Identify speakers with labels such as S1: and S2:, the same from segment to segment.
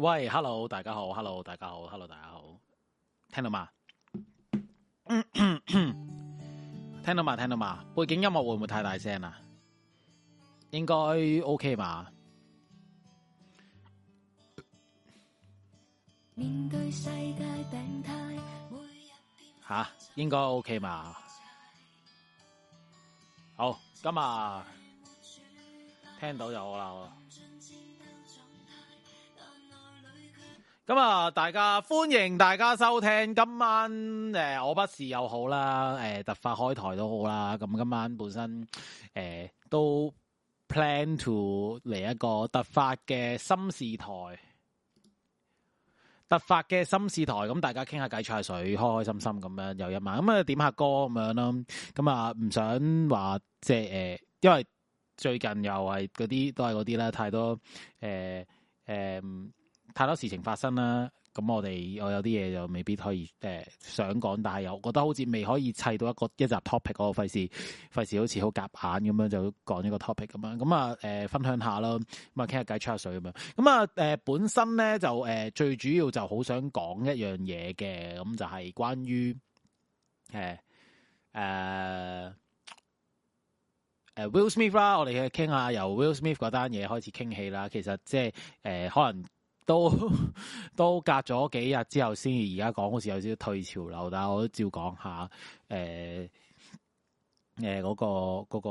S1: 喂，Hello，大家好，Hello，大家好，Hello，大家好，聽到嘛？ 聽到嘛？聽到嘛？背景音樂會唔會太大聲啊？應該 OK 嘛？吓、啊，應該 OK 嘛？好，今啊，聽到就好啦。好咁啊！大家歡迎大家收聽今晚誒、呃，我不是又好啦，誒、呃，突發開台都好啦。咁今晚本身誒、呃、都 plan to 嚟一個突發嘅心事台，突發嘅心事台。咁大家傾下偈、吹下水，開開心心咁樣又一晚。咁啊，點下歌咁樣咯。咁啊，唔想話即係誒，因為最近又係嗰啲都係嗰啲啦，太多誒誒。呃呃太多事情發生啦，咁我哋我有啲嘢就未必可以誒想講，但係又覺得好似未可以砌到一個一集 topic，我費事費事好似好夾硬咁樣就講呢個 topic 咁、啊、樣，咁啊誒分享一下咯，咁啊傾下偈吹下水咁樣，咁啊誒、啊呃、本身咧就誒、呃、最主要就好想講一樣嘢嘅，咁就係關於誒誒誒 Will Smith 啦，我哋去傾下由 Will Smith 嗰單嘢開始傾起啦，其實即係誒可能。都都隔咗幾日之後，先至而家講好似有少少退潮流，但係我都照講下，誒誒嗰個嗰個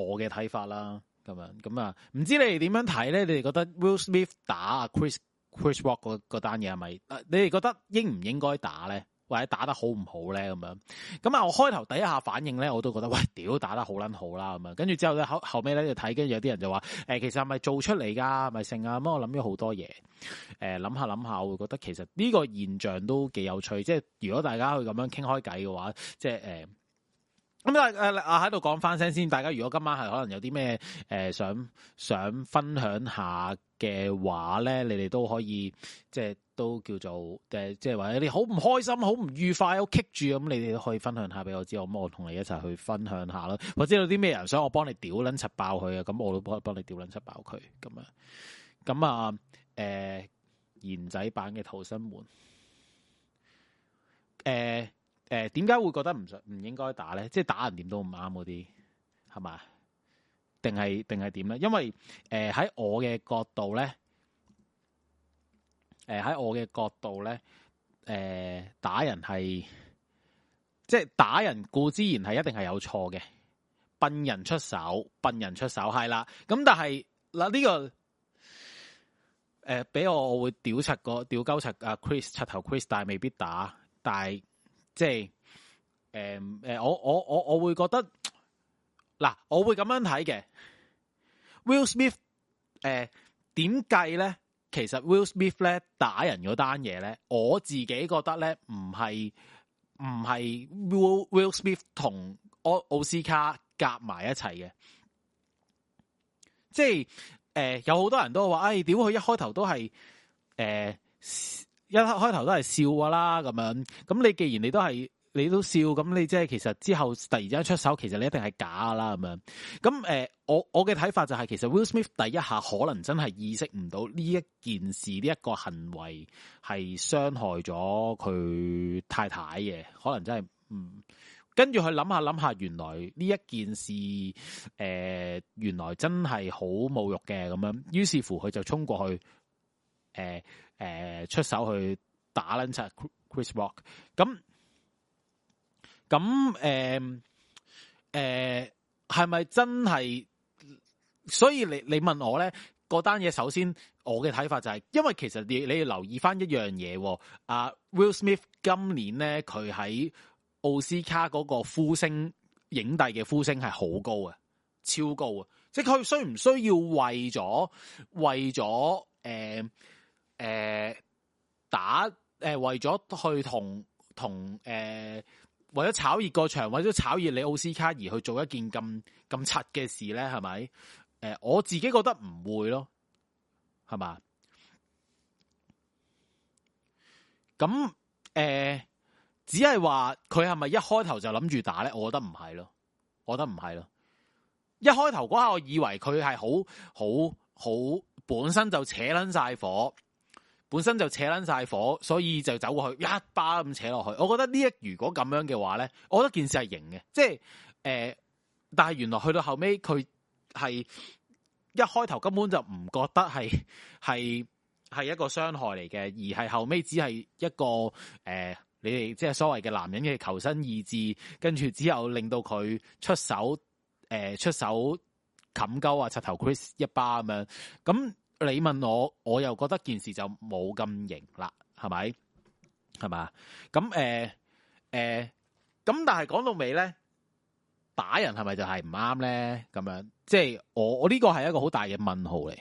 S1: 我嘅睇法啦，咁樣咁啊，唔知你哋點樣睇咧？你哋覺得 Will Smith 打啊 Chris Chris Rock 嗰單嘢係咪？你哋覺得應唔應該打咧？或者打得好唔好咧，咁樣，咁啊，我開頭第一下反應咧，我都覺得喂，屌打得好撚好啦咁啊，跟住之後咧，後後尾咧就睇，跟住有啲人就話，誒、欸，其實係咪做出嚟噶，咪剩啊，咁我諗咗好多嘢，誒，諗下諗下，我會、欸、覺得其實呢個現象都幾有趣，即係如果大家去咁樣傾開偈嘅話，即係誒，咁啊誒啊喺度講翻聲先，大家如果今晚係可能有啲咩誒想想分享下嘅話咧，你哋都可以即係。都叫做誒，即係話你好唔開心、好唔愉快、好棘住咁，你哋都可以分享下俾我知，咁我同你一齊去分享下囉。或者有啲咩人想我幫你屌撚柒爆佢啊，咁我都可以幫你屌撚柒爆佢咁啊。咁啊，誒，賢仔版嘅逃生門，誒誒，點解會覺得唔想唔應該打咧？即係打人點都唔啱嗰啲，係咪？定係定係點咧？因為誒喺我嘅角度咧。誒、呃，喺我嘅角度咧，誒、呃，打人係，即係打人固之然係一定係有錯嘅，笨人出手，笨人出手係啦。咁但係嗱呢個，誒、呃，俾我我會屌柒個，屌鳩柒阿 Chris 柒頭 Chris，但係未必打，但係即係，誒、呃、誒，我我我我會覺得，嗱，我會咁樣睇嘅，Will Smith，誒、呃，點計咧？其實 Will Smith 咧打人嗰單嘢咧，我自己覺得咧唔係唔係 Will Will Smith 同奧奧斯卡夾埋一齊嘅，即係誒、呃、有好多人都話，哎，點佢一開頭都係誒、呃、一開頭都係笑噶啦咁樣。咁你既然你都係。你都笑咁，你即係其實之後突然間出手，其實你一定係假啦咁樣。咁誒、呃，我我嘅睇法就係、是，其實 Will Smith 第一下可能真係意識唔到呢一件事，呢、這、一個行為係傷害咗佢太太嘅，可能真係唔跟住佢諗下諗下，原來呢一件事誒、呃，原來真係好侮辱嘅咁樣。於是乎，佢就衝過去，誒、呃、誒、呃，出手去打捻 Chris Rock 咁。咁誒誒，係、呃、咪、呃、真係？所以你你問我咧，嗰單嘢首先我嘅睇法就係、是，因為其實你要你要留意翻一樣嘢，啊 Will Smith 今年咧，佢喺奧斯卡嗰個呼聲影帝嘅呼聲係好高啊，超高啊！即係佢需唔需要為咗為咗誒誒打誒？為咗、呃呃呃、去同同誒？呃為咗炒熱個場，為咗炒熱你奧斯卡而去做一件咁咁柒嘅事咧，係咪？誒、呃，我自己覺得唔會咯，係嘛？咁誒、呃，只係話佢係咪一開頭就諗住打咧？我覺得唔係咯，我覺得唔係咯。一開頭嗰下，我以為佢係好好好本身就扯捻晒火。本身就扯捻晒火，所以就走過去一巴咁扯落去。我覺得呢一如果咁樣嘅話咧，我覺得件事係型嘅。即係誒、呃，但係原來去到後尾佢係一開頭根本就唔覺得係係係一個傷害嚟嘅，而係後尾只係一個誒、呃、你哋即係所謂嘅男人嘅求生意志，跟住只有令到佢出手誒、呃、出手冚鳩啊，柒頭 Chris 一巴咁樣咁。你問我，我又覺得件事就冇咁型啦，係咪？係嘛？咁誒誒，咁、呃呃、但係講到尾咧，打人係咪就係唔啱咧？咁樣，即係我我呢個係一個好大嘅問號嚟，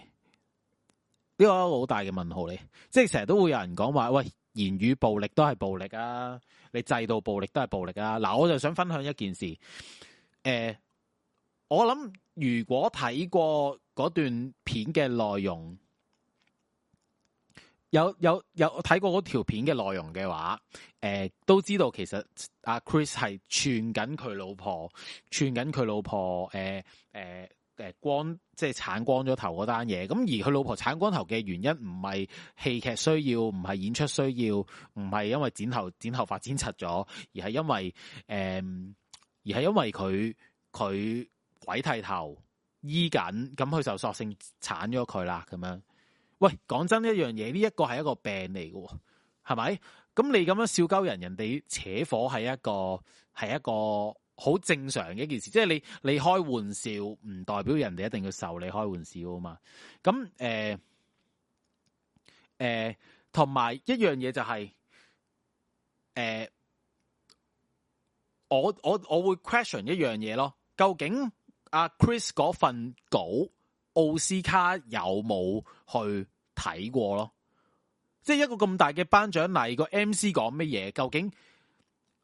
S1: 呢個係一個好大嘅問號嚟。即係成日都會有人講話，喂，言語暴力都係暴力啊，你制度暴力都係暴力啊。嗱，我就想分享一件事，誒、呃，我諗如果睇過。嗰段片嘅內容有有有睇過嗰條片嘅內容嘅話，誒、呃、都知道其實阿 Chris 係串緊佢老婆，串緊佢老婆，誒誒誒光，即係鏟光咗頭嗰單嘢。咁而佢老婆鏟光頭嘅原因唔係戲劇需要，唔係演出需要，唔係因為剪頭剪頭髮剪柒咗，而係因為誒、呃、而係因為佢佢鬼剃頭。醫緊，咁佢就索性鏟咗佢啦。咁樣，喂，講真一樣嘢，呢一個係一個病嚟嘅，係咪？咁你咁樣笑鳩人，人哋扯火係一個係一個好正常嘅一件事，即係你你開玩笑，唔代表人哋一定要受你開玩笑啊嘛。咁誒誒，同埋、呃呃、一樣嘢就係、是、誒、呃，我我我會 question 一樣嘢咯，究竟？阿 Chris 嗰份稿，奧斯卡有冇去睇過咯？即係一個咁大嘅頒獎禮，個 MC 講乜嘢？究竟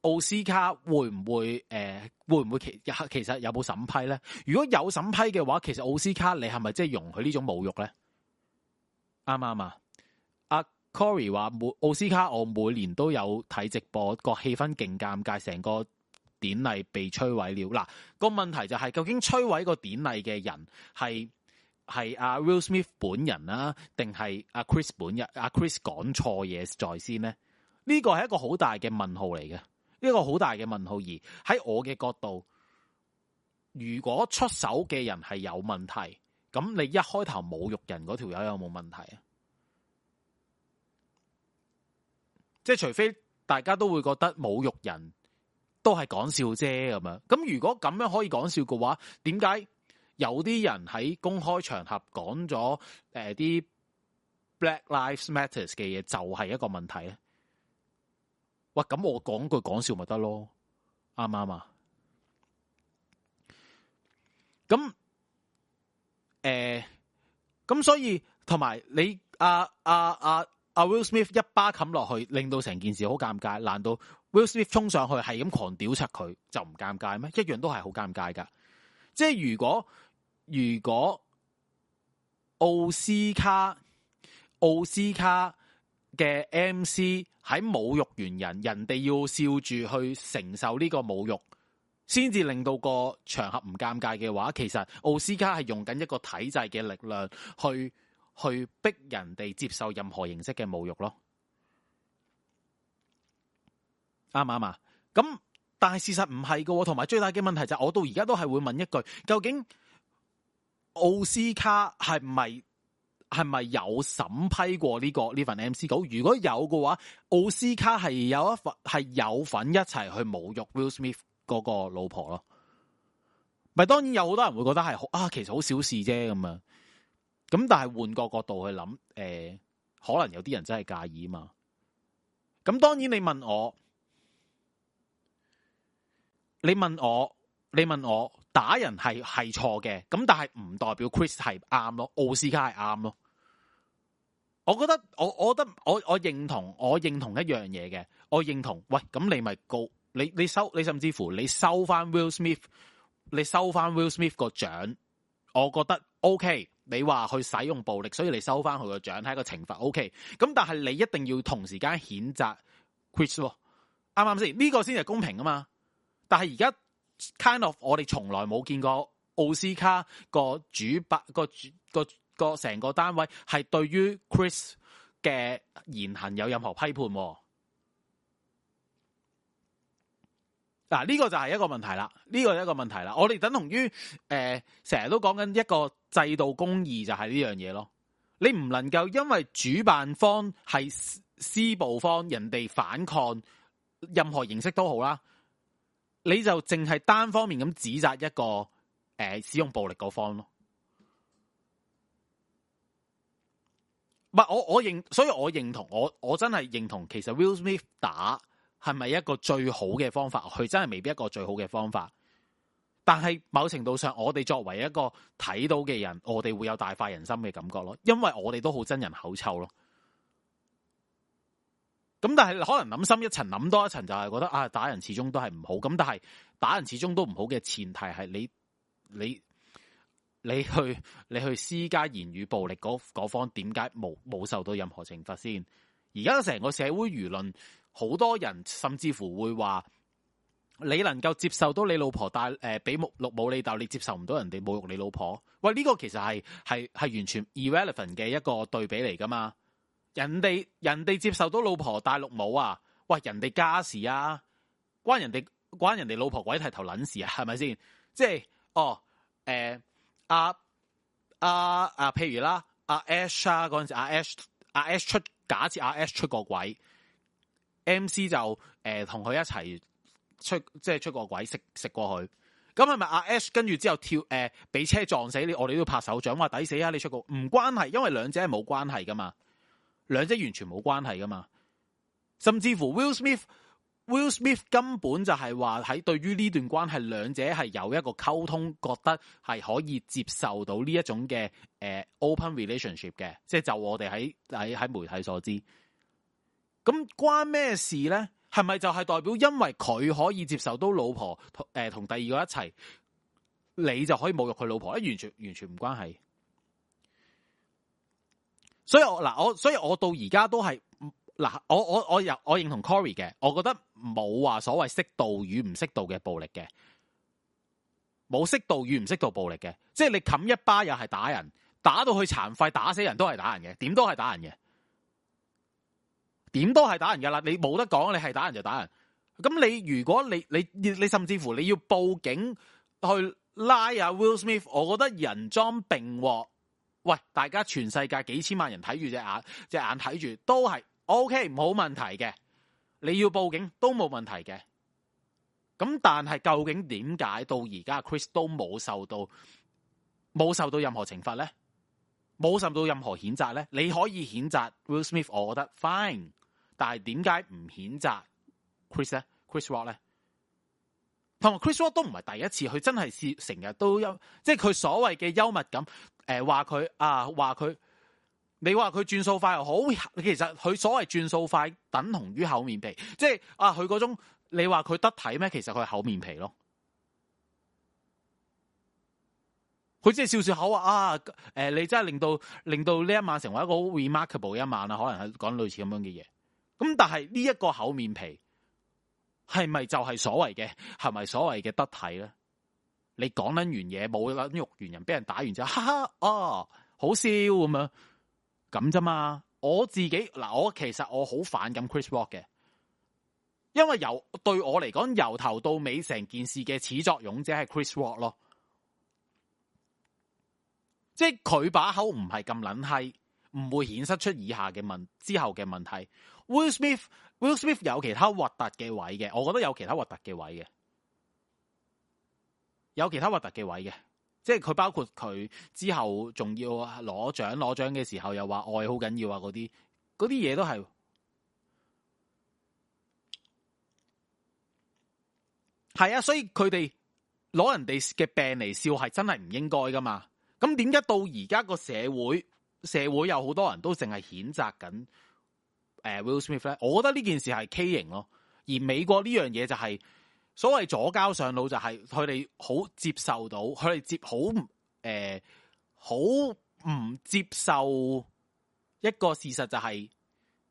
S1: 奧斯卡會唔會？誒、呃，會唔會其其實有冇審批咧？如果有審批嘅話，其實奧斯卡你係咪即係容許呢種侮辱咧？啱唔啱啊？阿 Corey 話每奧斯卡我每年都有睇直播，個氣氛勁尷尬，成個。典禮被摧毀了嗱，個問題就係、是、究竟摧毀個典禮嘅人係係阿 Will Smith 本人啦、啊，定係阿 Chris 本人？阿、啊、Chris 講錯嘢在先呢？呢個係一個好大嘅問號嚟嘅。呢個好大嘅問號而喺我嘅角度，如果出手嘅人係有問題，咁你一開頭侮辱人嗰條友有冇問題啊？即係除非大家都會覺得侮辱人。都係講笑啫咁樣，咁如果咁樣可以講笑嘅話，點解有啲人喺公開場合講咗誒啲 Black Lives Matters 嘅嘢就係一個問題咧？喂！咁我講句講笑咪得咯，啱唔啱啊？咁、啊、誒，咁所以同埋你阿阿阿阿 Will Smith 一巴冚落去，令到成件事好尷尬，難道？Will Smith 衝上去係咁狂屌拆佢，就唔尷尬咩？一樣都係好尷尬噶。即係如果如果奧斯卡奧斯卡嘅 MC 喺侮辱完人，人哋要笑住去承受呢個侮辱，先至令到個場合唔尷尬嘅話，其實奧斯卡係用緊一個體制嘅力量去去逼人哋接受任何形式嘅侮辱咯。啱唔啱啊？咁但係事實唔係噶喎。同埋最大嘅問題就係我到而家都係會問一句：究竟奧斯卡係唔係係咪有審批過呢、呢個呢份 M C 稿？如果有嘅話，奧斯卡係有一份係有份一齊去侮辱 Will Smith 嗰個老婆咯。咪當然有好多人會覺得係好啊，其實好小事啫咁樣。咁但係換個角度去諗，誒、呃，可能有啲人真係介意啊嘛。咁當然你問我。你問我，你問我打人係係錯嘅，咁但係唔代表 Chris 係啱咯，奧斯卡係啱咯。我覺得我，我覺得我，我認同，我認同一樣嘢嘅，我認同。喂，咁你咪告你，你收你，甚至乎你收翻 Will Smith，你收翻 Will Smith 個獎，我覺得 OK。你話去使用暴力，所以你收翻佢個獎，係一個懲罰 OK。咁、OK, 但係你一定要同時間譴責 Chris，啱唔啱先？呢、這個先係公平啊嘛。但係而家 kind of，我哋從來冇見過奧斯卡主個主辦個、個、個成個、個單位係對於 Chris 嘅言行有任何批判嗱。呢個就係一個問題啦。呢、呢個係一個問題啦。我哋等同於誒，成日都講緊一個制度公義就係呢樣嘢咯。你唔能夠因為主辦方係施暴方，人哋反抗任何形式都好啦。你就淨係單方面咁指責一個誒使用暴力嗰方咯，唔係我我認，所以我認同我我真係認同，其實 Will Smith 打係咪一個最好嘅方法？佢真係未必一個最好嘅方法，但係某程度上，我哋作為一個睇到嘅人，我哋會有大快人心嘅感覺咯，因為我哋都好憎人口臭咯。咁但係可能諗深一層，諗多一層，就係覺得啊，打人始終都係唔好。咁但係打人始終都唔好嘅前提係你你你去你去施加言語暴力嗰嗰方點解冇冇受到任何懲罰先？而家成個社會輿論，好多人甚至乎會話你能夠接受到你老婆帶誒俾綠帽你斗，但你接受唔到人哋侮辱你老婆？喂，呢個其實係係係完全 irrelevant 嘅一個對比嚟噶嘛？人哋人哋接受到老婆戴綠帽啊！喂，人哋家，家事啊，關人哋關人哋老婆鬼剃頭撚事啊，係咪先？即係哦，誒、呃啊啊啊，譬如啦，阿 Ash 啊，嗰陣時阿 Ash 阿 Ash 出，假設阿 Ash 出個鬼，MC 就誒同佢一齊出，即係出個鬼食食過去。咁係咪阿 Ash 跟住之後跳誒俾車撞死？你我哋都要拍手掌話抵死啊！你出個唔關係，因為兩者係冇關係噶嘛。兩者完全冇關係噶嘛，甚至乎 Will Smith，Will Smith 根本就係話喺對於呢段關係兩者係有一個溝通，覺得係可以接受到呢一種嘅誒、呃、open relationship 嘅，即係就我哋喺喺喺媒體所知，咁關咩事咧？係咪就係代表因為佢可以接受到老婆誒同、呃、第二個一齊，你就可以侮辱佢老婆咧？呃、完全完全唔關係。所以，我嗱我，所以我到而家都係嗱，我我我又我認同 Cory 嘅，我覺得冇話所謂適度與唔適度嘅暴力嘅，冇適度與唔適度暴力嘅，即係你冚一巴又係打人，打到去殘廢，打死人都係打人嘅，點都係打人嘅，點都係打人噶啦，你冇得講，你係打人就打人，咁你如果你你你，你甚至乎你要報警去拉啊 Will Smith，我覺得人贓並獲。喂，大家全世界幾千萬人睇住隻眼，隻眼睇住都係 OK，冇問題嘅。你要報警都冇問題嘅。咁但係究竟點解到而家 Chris 都冇受到冇受到任何懲罰咧？冇受到任何譴責咧？你可以譴責 Will Smith，我覺得 fine，但係點解唔譴責 Chris 咧？Chris Rock 咧？同埋 Chris Rock 都唔係第一次，佢真係成日都有，即係佢所謂嘅幽默感。話、呃、佢啊，話佢你話佢轉數快又好，其實佢所謂轉數快等同於厚面皮，即、就、係、是、啊，佢嗰種你話佢得體咩？其實佢係厚面皮咯，佢即係笑笑口啊、呃。你真係令到令到呢一晚成為一個 remarkable 嘅一晚啊！可能係講類似咁樣嘅嘢。咁但係呢一個厚面皮。係咪就係所謂嘅？係咪所謂嘅得體咧？你講捻完嘢冇捻肉完人，俾人打完之後就哈哈哦，好笑咁樣咁啫嘛！我自己嗱，我其實我好反感 Chris Rock 嘅，因為由對我嚟講，由頭到尾成件事嘅始作俑者係 Chris Rock 咯，即係佢把口唔係咁撚閪，唔會顯示出以下嘅問之後嘅問題。Will Smith。Will Smith 有其他核突嘅位嘅，我覺得有其他核突嘅位嘅，有其他核突嘅位嘅，即係佢包括佢之後仲要攞獎，攞獎嘅時候又說，又話愛好緊要啊，嗰啲嗰啲嘢都係係啊，所以佢哋攞人哋嘅病嚟笑係真係唔應該㗎嘛。咁點解到而家個社會社會有好多人都淨係譴責緊？誒、uh, Will Smith 咧，我覺得呢件事係畸形咯。而美國呢樣嘢就係所謂左膠上腦，就係佢哋好接受到，佢哋接好誒好唔接受一個事實，就係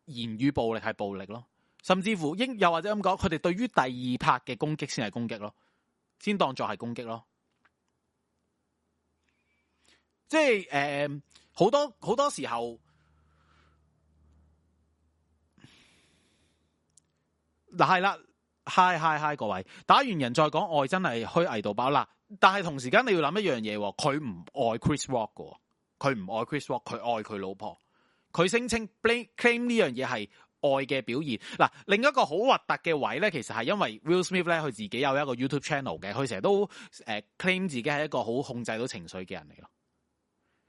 S1: 言語暴力係暴力咯。甚至乎應又或者咁講，佢哋對於第二拍嘅攻擊先係攻擊咯，先當作係攻擊咯。即係誒好多好多時候。嗱，係啦，嗨嗨嗨！各位打完人再講愛真道，真係虛偽到爆啦，但係同時間你要諗一樣嘢，佢唔愛 Chris Rock 嘅，佢唔愛 Chris Rock，佢愛佢老婆。佢聲稱 blame claim 呢樣嘢係愛嘅表現。嗱，另一個好核突嘅位咧，其實係因為 Will Smith 咧，佢自己有一個 YouTube channel 嘅，佢成日都誒 claim 自己係一個好控制到情緒嘅人嚟咯。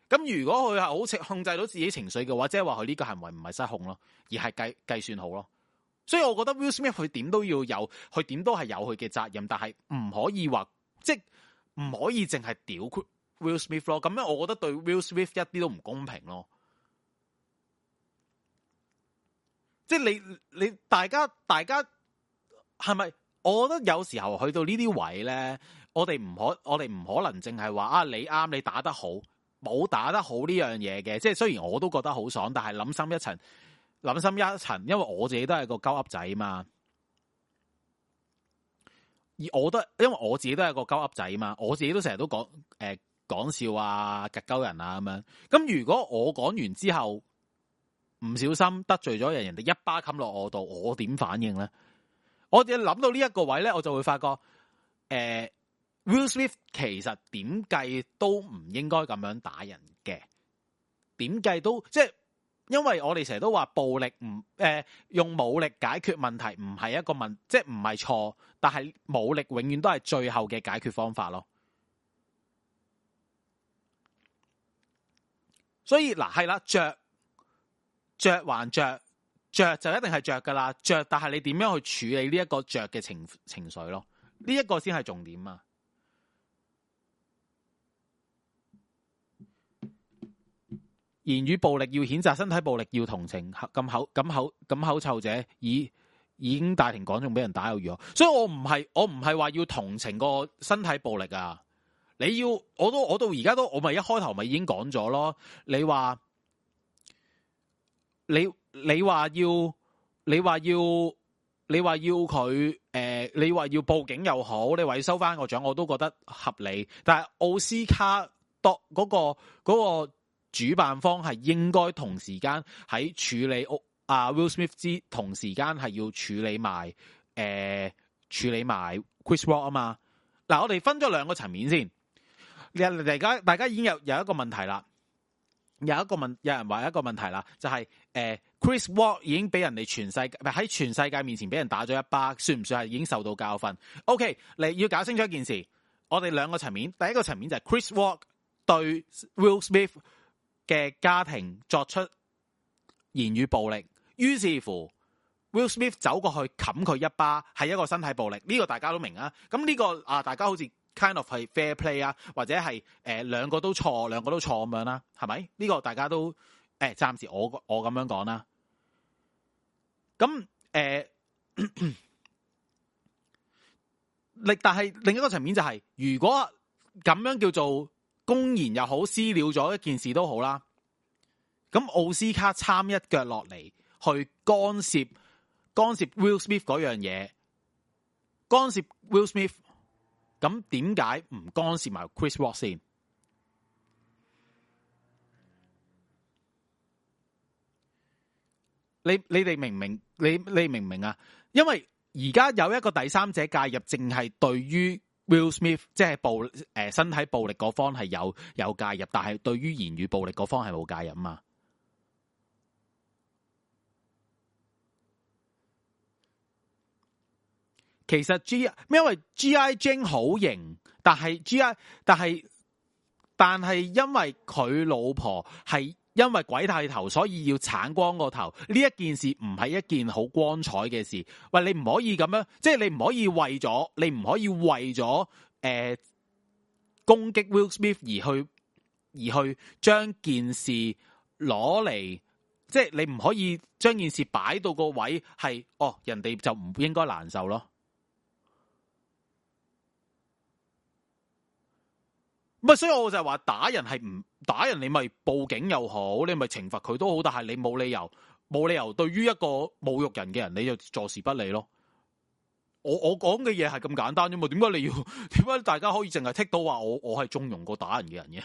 S1: 咁如果佢係好控制到自己情緒嘅話，即係話佢呢個行為唔係失控咯，而係計計算好咯。所以，我覺得 Will Smith 佢點都要有，佢點都係有佢嘅責任，但係唔可以話，即唔可以淨係屌 Will Smith 咯。咁樣，我覺得對 Will Smith 一啲都唔公平咯。即你你大家大家係咪？我覺得有時候去到呢啲位咧，我哋唔可我哋唔可能淨係話啊，你啱你打得好冇打得好呢樣嘢嘅。即係雖然我都覺得好爽，但係諗深一層。諗深一層，因為我自己都係個鳩噏仔嘛，而我都因為我自己都係個鳩噏仔嘛，我自己都成日都講誒，講笑啊，夾鳩人啊咁樣。咁如果我講完之後唔小心得罪咗人，人哋一巴冚落我度，我點反應咧？我諗到呢一個位咧，我就會發覺，誒，欸，Will Smith 其實點計都唔應該咁樣打人嘅，點計都即係。就是因為我哋成日都話暴力唔誒、呃、用武力解決問題唔係一個問，即係唔係錯，但係武力永遠都係最後嘅解決方法咯。所以嗱，係啦，著、啊、著還著，著就一定係著噶啦，著，但係你點樣去處理呢一個著嘅情情緒咯？呢、這、一個先係重點啊！言語暴力要譴責，身體暴力要同情。咁口咁口咁口臭者，已已經大庭廣眾俾人打又如何？所以我唔係我唔係話要同情個身體暴力啊！你要我都我到而家都我咪一開頭咪已經講咗咯。你話你你話要你話要你話要佢誒，你話要，要，要，要，呃，要報警又好，你話要收翻個獎，我都覺得合理。但係奧斯卡多嗰個嗰個。嗰個嗰個主辦方係應該同時間喺處理屋啊 Will Smith 之同時間係要處理埋誒、呃、處理埋 Chris Rock 啊嘛。嗱，我哋分咗兩個層面先。大家大家已經有有一個問題啦，有一個問有人話一個問題啦，就係、是、誒、呃、Chris Rock 已經俾人哋全世界喺全世界面前俾人打咗一巴，算唔算係已經受到教訓？O K，你要搞清楚一件事，我哋兩個層面，第一個層面就係 Chris Rock 對 Will Smith。嘅家庭作出言語暴力，於是乎 Will Smith 走過去冚佢一巴，係一個身體暴力。呢、這個大家都明啊。咁、這、呢個啊，大家好似 kind of 係 fair play 啊，或者係誒、呃、兩個都錯，兩個都錯咁樣啦，係咪？呢、這個大家都誒、呃、暫時我我咁樣講啦。咁誒你但係另一個層面就係、是，如果咁樣叫做。公然又好，私了咗一件事都好啦。咁奧斯卡參一腳落嚟，去干涉干涉 Will Smith 嗰樣嘢，干涉 Will Smith。咁點解唔干涉埋 Chris Rock 先？你你哋明唔明？你明你，你明唔明啊？因為而家有一個第三者介入，淨係對於。Will Smith 即係暴誒身體暴力嗰方係有有介入，但係對於言語暴力嗰方係冇介入啊嘛？其實 G 咩因為 G.I. Jane 好型，但係 G I 但係但係因為佢老婆係。因為鬼剃頭，所以要鏟光個頭。呢一件事唔係一件好光彩嘅事。喂，你唔可以咁樣，即係你唔可以為咗，你唔可以為咗，誒、呃，攻擊 Will Smith 而去，而去將件事攞嚟，即係你唔可以將件事擺到個位係，哦，人哋就唔應該難受咯。唔係，所以我就係話打人係唔。打人你咪報警又好，你咪懲罰佢都好，但係你冇理由冇理由對於一個侮辱人嘅人，你就坐視不理咯。我我講嘅嘢係咁簡單啫嘛，點解你要點解大家可以淨係剔到話我我係縱容過打人嘅人嘅？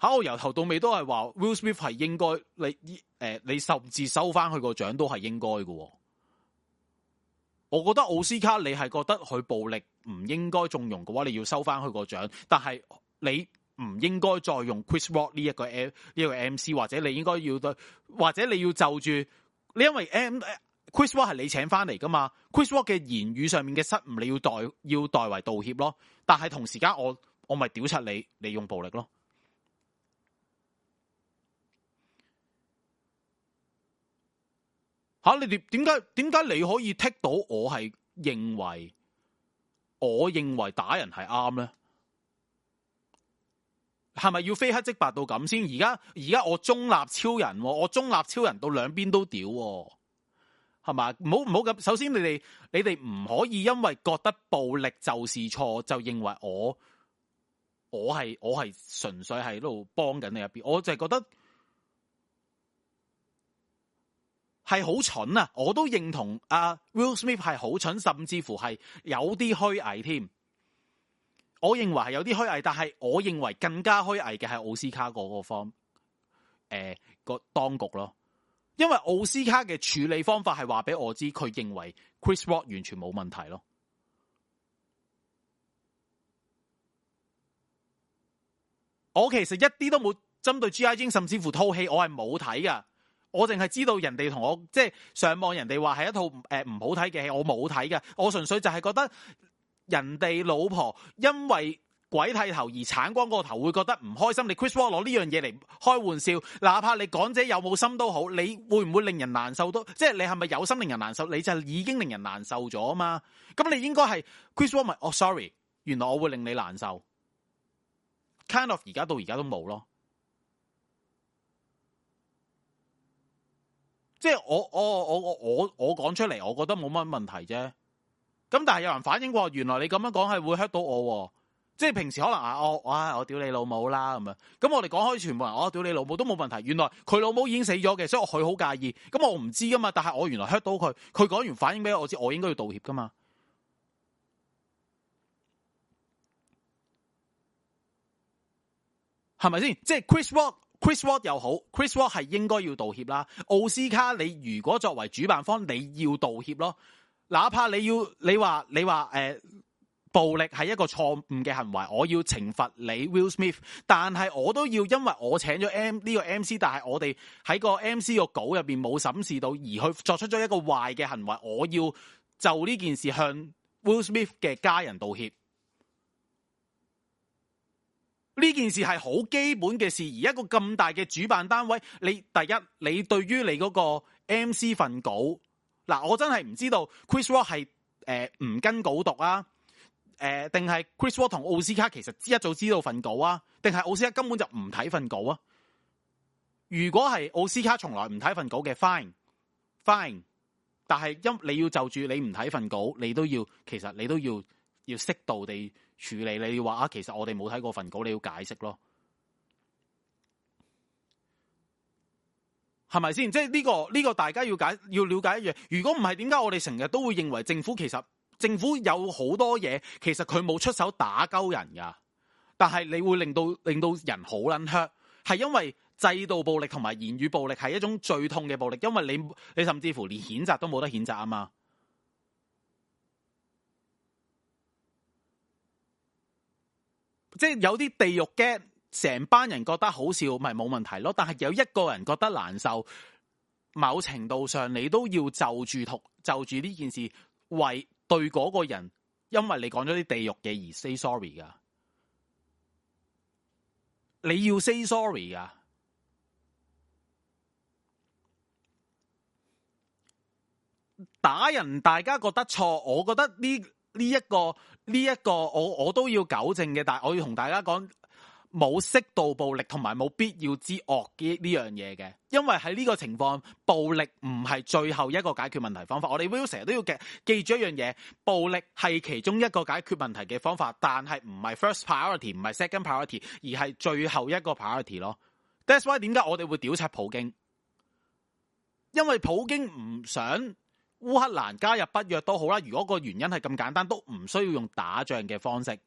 S1: 吓我由頭到尾都係話 Will Smith 係應該你誒、呃，你甚至收翻佢個獎都係應該㗎。我覺得奧斯卡，你係覺得佢暴力唔應該縱容嘅話，你要收翻佢個獎，但係你。唔應該再用 Chris Rock 呢一個 M 呢個 MC，或者你應該要代，或者你要就住你，因為 M Chris Rock 係你請翻嚟噶嘛，Chris Rock 嘅言語上面嘅失誤，你要代要代為道歉咯。但係同時間我我咪屌柒你，你用暴力咯。吓、啊、你哋點解點解你可以踢到我係認為我認為打人係啱咧？係咪要非黑即白到咁先？而家而家我中立超人、哦，我中立超人到兩邊都屌、哦，係嘛？唔好唔好咁。首先你，你哋你哋唔可以因為覺得暴力就是錯，就認為我我係我係純粹喺度幫緊你入邊。我就係覺得係好蠢啊！我都認同啊 Will Smith 係好蠢，甚至乎係有啲虛偽添。我認為係有啲虛偽，但係我認為更加虛偽嘅係奧斯卡嗰個方，誒、欸、個當局咯，因為奧斯卡嘅處理方法係話俾我知，佢認為 Chris Rock 完全冇問題咯。我其實一啲都冇針對 GIG，甚至乎套戲，我係冇睇噶，我淨係知道人哋同我即係、就是、上網人哋話係一套誒唔好睇嘅戲，我冇睇噶，我純粹就係覺得。人哋老婆因為鬼剃頭而鏟光個頭，會覺得唔開心。你 Chris Wall 攞呢樣嘢嚟開玩笑，哪怕你講者有冇心都好，你會唔會令人難受都？即係你係咪有心令人難受？你就已經令人難受咗嘛？咁你應該係 Chris Wall 咪？哦、oh，sorry，原來我會令你難受。Kind of 而家到而家都冇咯，即係我我我我我我講出嚟，我覺得冇乜問題啫。咁但係有人反映過，原來你咁樣講係會 hurt 到我，啊，即係平時可能啊我啊我屌你老母啦咁樣，咁我哋講開全部人，啊，我屌你老母都冇問題，原來佢老母已經死咗嘅，所以佢好介意，咁我唔知噶嘛，但係我原來 hurt 到佢，佢講完反映俾我知，我知，我應該要道歉噶嘛，係咪先？即係 Chris Rock，Chris Rock 又好，Chris Rock 係應該要道歉啦。奧斯卡，你如果作為主辦方，你要道歉咯。哪怕你要你話你話誒、呃、暴力係一個錯誤嘅行為，我要懲罰你 Will Smith，但係我都要，因為我請咗 M 呢個 MC，但係我哋喺個 MC 個稿入邊冇審視到，而去作出咗一個壞嘅行為，我要就呢件事向 Will Smith 嘅家人道歉。呢件事係好基本嘅事，而一個咁大嘅主辦單位，你第一，你對於你嗰個 MC 份稿。嗱，我真係唔知道 Chris Rock 係誒唔跟稿讀啊，誒定係 Chris Rock 同奧斯卡其實一早知道份稿啊，定係奧斯卡根本就唔睇份稿啊？如果係奧斯卡從來唔睇份稿嘅，fine fine，但係因你要就住你唔睇份稿，你都要其實你都要要適度地處理。你要話啊，其實我哋冇睇過份稿，你要解釋咯。係咪先？即係呢個呢個，這個，大家要解要了解一樣。如果唔係，點解我哋成日都會認為政府其實政府有好多嘢，其實佢冇出手打鳩人㗎？但係你會令到令到人好撚 hurt，係因為制度暴力同埋言語暴力係一種最痛嘅暴力，因為你你甚至乎連譴責都冇得譴責啊嘛！即、就、係、是、有啲地獄嘅。成班人覺得好笑，咪冇問題咯。但係有一個人覺得難受，某程度上你都要就住同就住呢件事為對嗰個人，因為你講咗啲地獄嘢而 say sorry 㗎，你要 say sorry 㗎，打人大家覺得錯，我覺得呢呢一個呢一個我我都要糾正嘅，但係我要同大家講。冇適度暴力同埋冇必要之惡呢呢樣嘢嘅，因為喺呢個情況，暴力唔係最後一個解決問題的方法。我哋會成日都要記住一樣嘢，暴力係其中一個解決問題嘅方法，但係唔係 first priority，唔係 second priority，而係最後一個 priority 咯。That's why 點解我哋會屌柒普京？因為普京唔想烏克蘭加入北約都好啦。如果個原因係咁簡單，都唔需要用打仗嘅方式。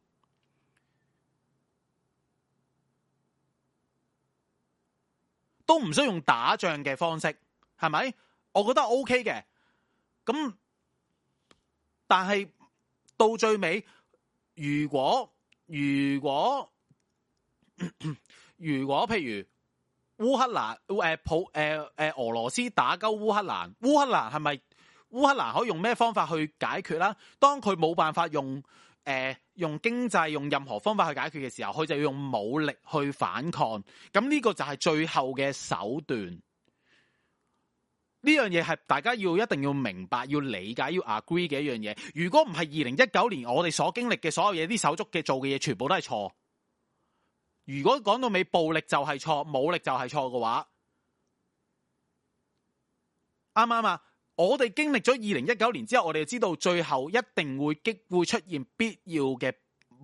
S1: 都唔需要用打仗嘅方式，係咪？我覺得 OK 嘅。咁，但係到最尾，如果如果咳咳如果譬如烏克蘭誒、呃，普誒誒、呃呃、俄羅斯打鳩烏克蘭，烏克蘭係咪烏克蘭可以用咩方法去解決啦？當佢冇辦法用。誒，用經濟用任何方法去解決嘅時候，佢就要用武力去反抗。咁呢個就係最後嘅手段。呢樣嘢係大家要一定要明白、要理解、要 agree 嘅一樣嘢。如果唔係二零一九年我哋所經歷嘅所有嘢，啲手足嘅做嘅嘢全部都係錯。如果講到尾暴力就係錯、武力就係錯嘅話，啱唔啱啊？我哋經歷咗二零一九年之後，我哋就知道最後一定會激會出現必要嘅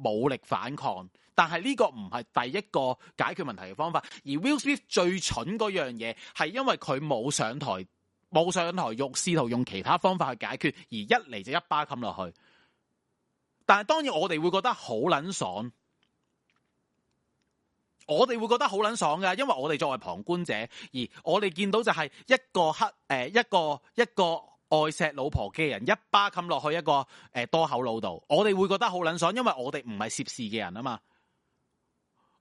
S1: 武力反抗，但係呢個唔係第一個解決問題嘅方法。而 Will Smith 最蠢嗰樣嘢係因為佢冇上台，冇上台欲試圖用其他方法去解決，而一嚟就一巴冚落去。但係當然我哋會覺得好撚爽。我哋會覺得好撚爽㗎，因為我哋作為旁觀者，而我哋見到就係一個黑誒一個一個愛錫老婆嘅人一巴冚落去一個誒多口佬度，我哋會覺得好撚爽，因為我哋唔係涉事嘅人啊嘛。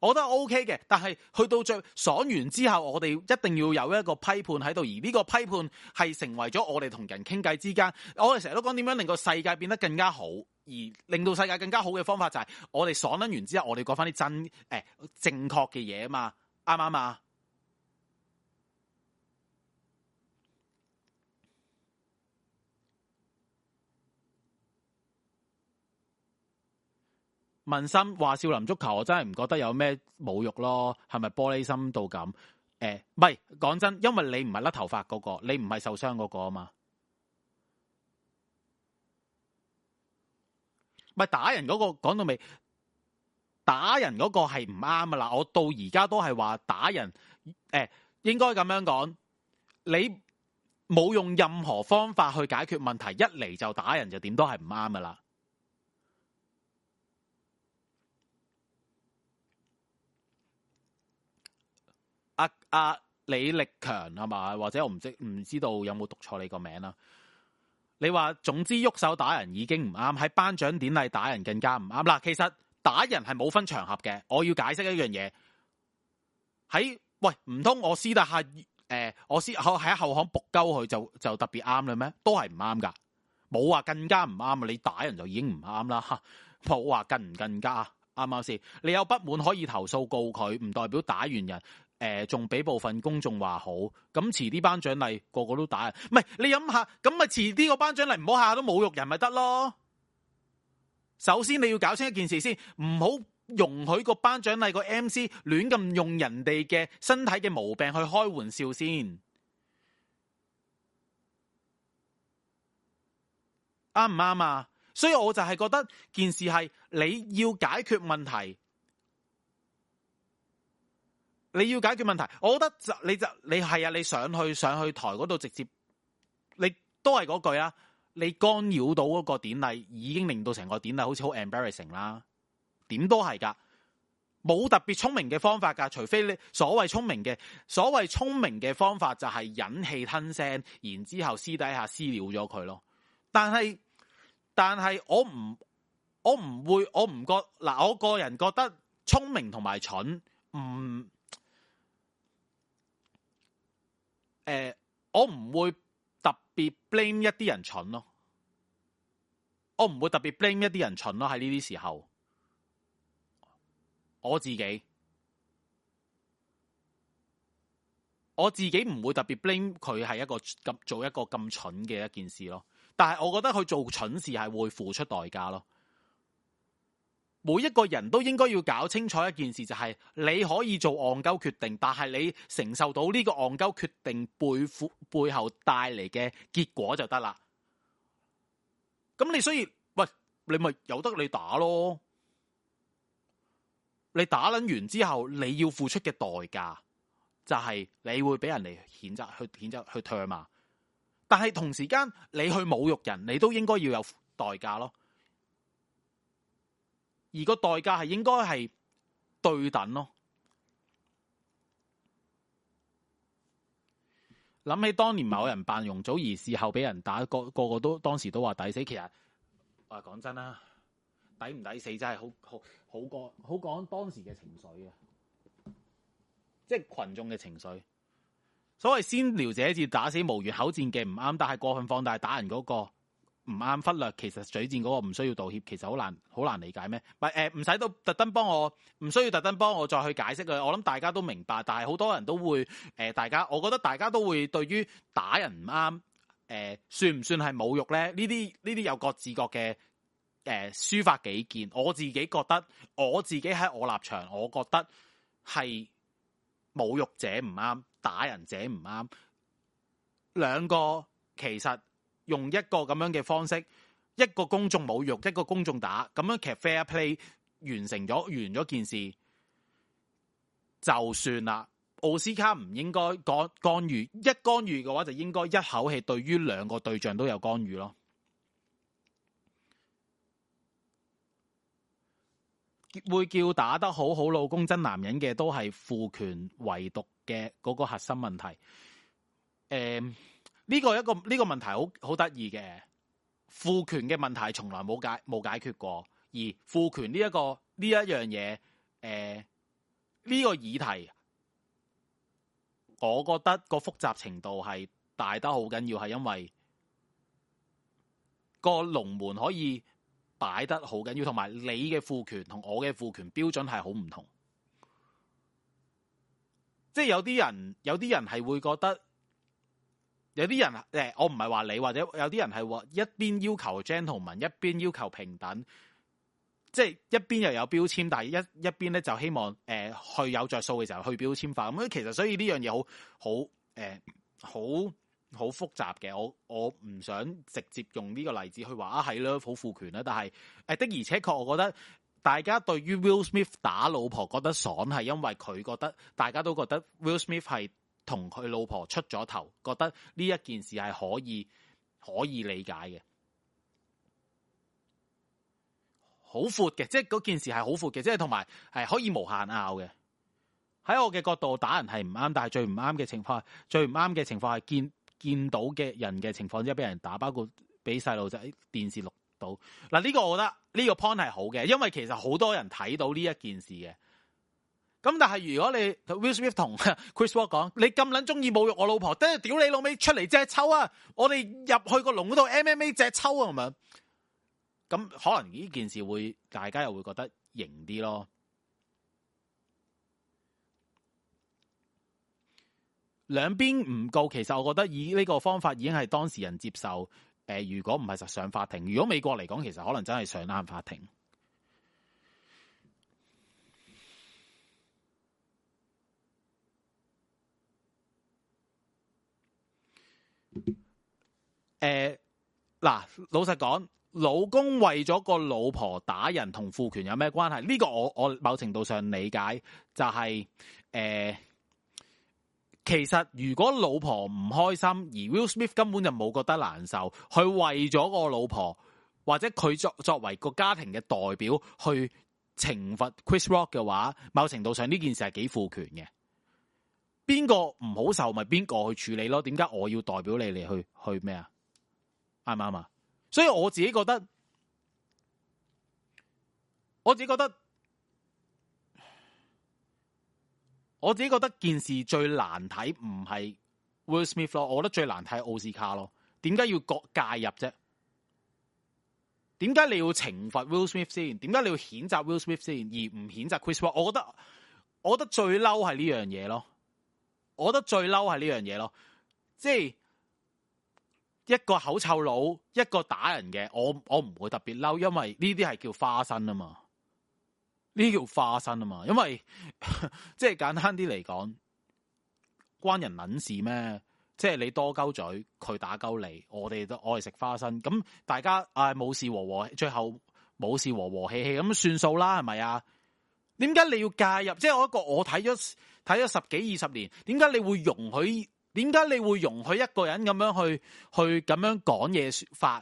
S1: 我覺得 OK 嘅，但係去到最爽完之後，我哋一定要有一個批判喺度，而呢個批判係成為咗我哋同人傾偈之間。我哋成日都講點樣令個世界變得更加好，而令到世界更加好嘅方法就係我哋爽得完之後，我哋講翻啲真誒正確嘅嘢啊嘛，啱唔啱啊？問心話少林足球，我真係唔覺得有咩侮辱咯，係咪玻璃心到咁？誒、欸，唔係講真，因為你唔係甩頭髮嗰個，你唔係受傷嗰個啊嘛，唔係打人嗰個。講到尾，打人嗰個係唔啱噶啦。我到而家都係話打人，誒、欸，應該咁樣講，你冇用任何方法去解決問題，一嚟就打人就點都係唔啱噶啦。啊，李力強係嘛？或者我唔知唔知道有冇讀錯你個名啦、啊？你話總之喐手打人已經唔啱，喺頒獎典禮打人更加唔啱啦。其實打人係冇分場合嘅。我要解釋一樣嘢，喺喂唔通我私底下誒、呃，我私後喺後巷撲鳩佢就就特別啱咧咩？都係唔啱噶，冇話更加唔啱啊！你打人就已經唔啱啦。冇話更唔更加啊。啱唔啱先？你有不滿可以投訴告佢，唔代表打完人。仲、呃、俾部分公眾話好，咁遲啲頒獎禮個個都打人，唔係你諗下，咁咪遲啲個頒獎禮唔好下下都侮辱人咪得咯？首先你要搞清一件事先，唔好容許個頒獎禮個 M C 亂咁用人哋嘅身體嘅毛病去開玩笑先，啱唔啱啊？所以我就係覺得件事係你要解決問題。你要解決問題，我覺得就你就你係啊，你上去上去台嗰度直接，你都係嗰句啊，你干擾到嗰個典禮，已經令到成個典禮好似好 embarrassing 啦，點都係噶，冇特別聰明嘅方法噶，除非你所謂聰明嘅所謂聰明嘅方法就係忍氣吞聲，然之後私底下私了咗佢咯。但係但係我唔我唔會我唔覺。嗱，我個人覺得聰明同埋蠢唔。嗯誒、呃，我唔會特別 blame 一啲人蠢咯，我唔會特別 blame 一啲人蠢咯。喺呢啲時候，我自己，我自己唔會特別 blame 佢係一個咁做一個咁蠢嘅一件事咯。但係我覺得佢做蠢事係會付出代價咯。每一個人都應該要搞清楚一件事，就係、是、你可以做戇鳩決定，但係你承受到呢個戇鳩決定背背後帶嚟嘅結果就得啦。咁你所以，喂，你咪由得你打咯。你打捻完之後，你要付出嘅代價就係你會俾人哋譴責、去譴責、去退嘛。但係同時間，你去侮辱人，你都應該要有代價咯。而個代價係應該係對等咯。諗起當年某人扮容祖兒，事後俾人打，個個，個都當時都話抵死。其實話講真啦，抵唔抵死真係好好好講，好講當時嘅情緒啊，即、就、係、是、群眾嘅情緒。所謂先撩者一次打死無緣口戰嘅唔啱，但係過分放大打人嗰、那個。唔啱忽略，其實嘴賤嗰個唔需要道歉，其實好難好難理解咩？唔誒唔使到特登幫我，唔需要特登幫我再去解釋啦。我諗大家都明白，但係好多人都會誒、呃、大家我覺得大家都會對於打人唔啱誒算唔算係侮辱咧？呢啲呢啲有各自各嘅誒抒發己見，我自己覺得我自己喺我立場我覺得係侮辱者唔啱，打人者唔啱，兩個其實。用一個咁樣嘅方式，一個公眾侮辱，一個公眾打，咁樣其實 fair play 完成咗，完咗件事就算啦。奧斯卡唔應該干干預，一干預嘅話就應該一口氣對於兩個對象都有干預咯。會叫打得好好老公真男人嘅都係父權遺毒嘅嗰個核心問題，嗯呢個一個呢個問題好好得意嘅，賦權嘅問題從來冇解冇解決過，而賦權呢一個呢一樣嘢，誒呢個議題，我覺得個複雜程度係大得好緊要，係因為個龍門可以擺得好緊要，同埋你嘅賦權同我嘅賦權標準係好唔同，即係有啲人有啲人係會覺得。有啲人，誒，我唔係話你，或者有啲人係話一邊要求 gentleman，一邊要求平等，即係一邊又有標籤，但係一一邊咧就希望，誒，去有著數嘅時候去標籤化。咁其實所以呢樣嘢好好，誒，好好複雜嘅。我我唔想直接用呢個例子去話啊係咯好賦權啦。但係誒的而且確，我覺得大家對於 Will Smith 打老婆覺得爽，係因為佢覺得大家都覺得 Will Smith 係。同佢老婆出咗頭，覺得呢一件事係可以可以理解嘅，好闊嘅，即係嗰件事係好闊嘅，即係同埋係可以無限拗嘅。喺我嘅角度，打人係唔啱，但係最唔啱嘅情況係最唔啱嘅情況係見見到嘅人嘅情況之下俾人打，包括俾細路仔電視錄到。嗱、呢、呢個我覺得呢、呢個 point 係好嘅，因為其實好多人睇到呢一件事嘅。咁但係如果你同 Will Smith 同 Chris Rock 講，你咁捻中意侮辱我老婆，得，屌你老味出嚟隻揪啊！我哋入去個籠嗰度 MMA 隻揪啊！咁樣，咁可能呢件事會大家又會覺得型啲咯。兩邊唔告，其實我覺得以呢個方法已經係當事人接受。誒、呃，如果唔係就上法庭，如果美國嚟講，其實可能真係上啱法庭。誒，嗱，老實講，老公為咗個老婆打人，同父權有咩關係？呢個我我某程度上理解就係誒，其實如果老婆唔開心，而 Will Smith 根本就冇覺得難受，佢為咗個老婆或者佢作作為個家庭嘅代表去懲罰 Chris Rock 嘅話，某程度上呢件事係幾父權嘅。邊個唔好受咪邊個去處理咯？點解我要代表你嚟去去咩啊？啱唔啱啊？所以我自己覺得，我自己覺得，我自己覺得件事最難睇唔係 Will Smith 咯，我覺得最難睇奧斯卡咯。點解要國介入啫？點解你要懲罰 Will Smith 先？點解你要譴責 Will Smith 先？而唔譴責 Chris Rock？我覺得，我覺得最嬲係呢樣嘢咯。我覺得最嬲係呢樣嘢咯，即係。一個口臭佬，一個打人嘅，我我唔會特別嬲，因為呢啲係叫花生啊嘛，呢啲叫花生啊嘛，因為即係簡單啲嚟講，關人捻事咩？即係你多鳩嘴，佢打鳩你，我哋都我哋食花生，咁大家啊哎、冇事和和，最後冇事和和氣氣咁算數啦，係咪啊？點解你要介入？即係我一個我睇咗睇咗十幾二十年，點解你會容許？點解你會容許一個人咁樣去去咁樣講嘢、說法，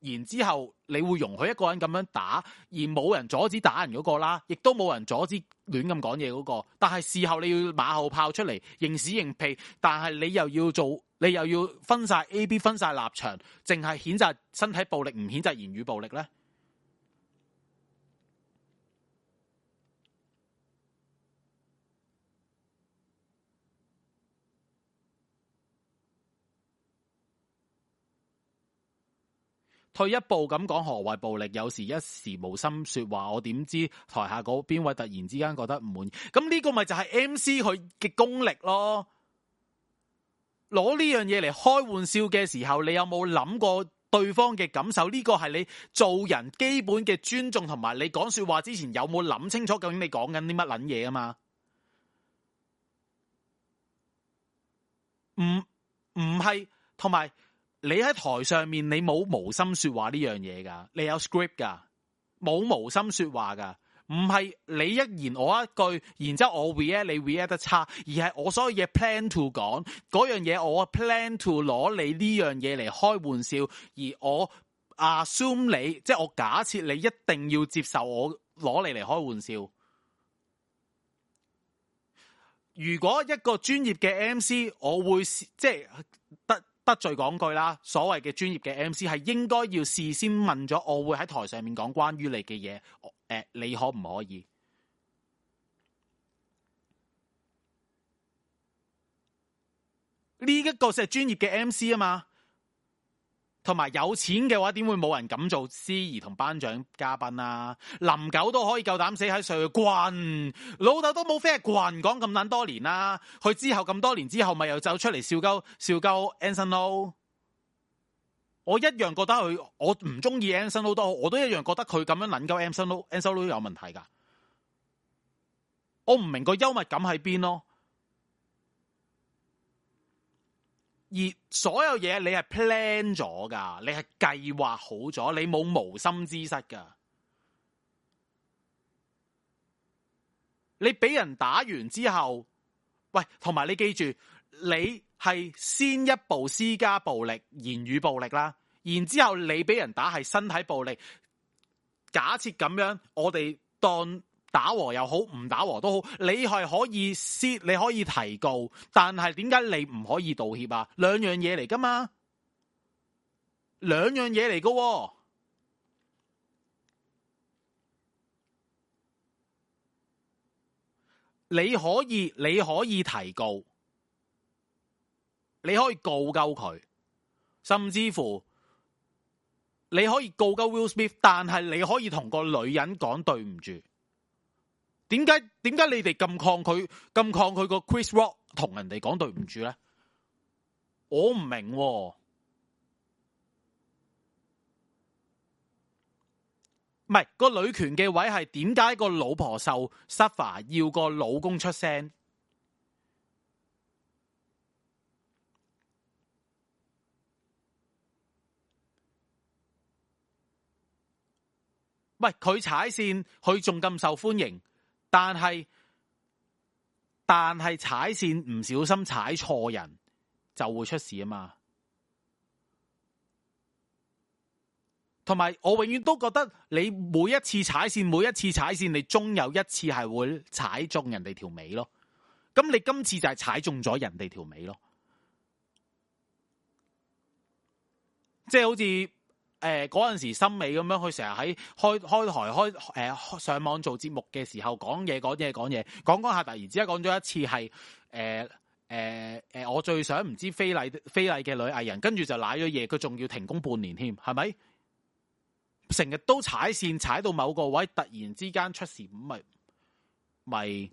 S1: 然之後你會容許一個人咁樣打，而冇人阻止打人嗰個啦，亦都冇人阻止亂咁講嘢嗰個，但係事後你要馬後炮出嚟認屎認屁，但係你又要做，你又要分晒 A B 分晒立場，淨係譴責身體暴力，唔譴責言語暴力咧？退一步咁講，何謂暴力？有時一時無心說話，我點知台下嗰邊位突然之間覺得唔滿意？咁呢個咪就係 MC 佢嘅功力咯。攞呢樣嘢嚟開玩笑嘅時候，你有冇諗過對方嘅感受？呢個係你做人基本嘅尊重，同埋你講說話之前有冇諗清楚究竟你講緊啲乜捻嘢啊？嘛，唔唔係，同埋。你喺台上面，你冇無心說話呢樣嘢噶，你有 script 噶，冇無心說話噶，唔係你一言我一句，然之後我 react 你 react 得差，而係我所有嘢 plan to 講嗰樣嘢，我 plan to 攞你呢樣嘢嚟開玩笑，而我 assume 你，即係我假設你一定要接受我攞你嚟開玩笑。如果一個專業嘅 MC，我會即係。得罪講句啦，所謂嘅專業嘅 MC 係應該要事先問咗，我會喺台上面講關於你嘅嘢，誒、呃，你可唔可以？呢、這、一個就係專業嘅 MC 啊嘛。同埋有，有錢嘅話，點會冇人敢做司儀同頒獎嘉賓啊？林狗都可以夠膽死喺上去棍，老豆都冇飛棍講咁捻多年啦、啊。佢之後咁多年之後，咪又走出嚟笑鳩笑鳩 Anson Lo。我一樣覺得佢，我唔中意 Anson Lo 都好，我都一樣覺得佢咁樣捻鳩 Anson Lo，Anson Lo 有問題噶。我唔明個幽默感喺邊咯。而所有嘢你係 plan 咗噶，你係計劃好咗，你冇無心之失噶。你俾人打完之後，喂，同埋你記住，你係先一步施加暴力，言語暴力啦，然之後你俾人打係身體暴力。假設咁樣，我哋當。打和又好，唔打和都好，你係可以先，你可以提告，但係點解你唔可以道歉啊？兩樣嘢嚟噶嘛，兩樣嘢嚟噶，你可以，你可以提告，你可以告鳩佢，甚至乎你可以告鳩 Will Smith，但係你可以同個女人講對唔住。點解點解你哋咁抗拒咁抗拒個 Chris Rock 同人哋講對唔住咧？我唔明喎，唔係個女權嘅位係點解個老婆受 suffer 要個老公出聲？唔係佢踩線，佢仲咁受歡迎。但係，但係踩線唔小心踩錯人就會出事啊嘛。同埋，我永遠都覺得你每一次踩線，每一次踩線，你終有一次係會踩中人哋條尾咯。咁你今次就係踩中咗人哋條尾咯，即係好似。誒、呃，嗰陣時森美咁樣，佢成日喺開開台開誒、呃、上網做節目嘅時候講嘢講嘢講嘢，講講下突然之間講咗一次係誒誒誒，我最想唔知非禮非禮嘅女藝人，跟住就瀨咗嘢，佢仲要停工半年添，係咪？成日都踩線踩到某個位，突然之間出事唔係。咪。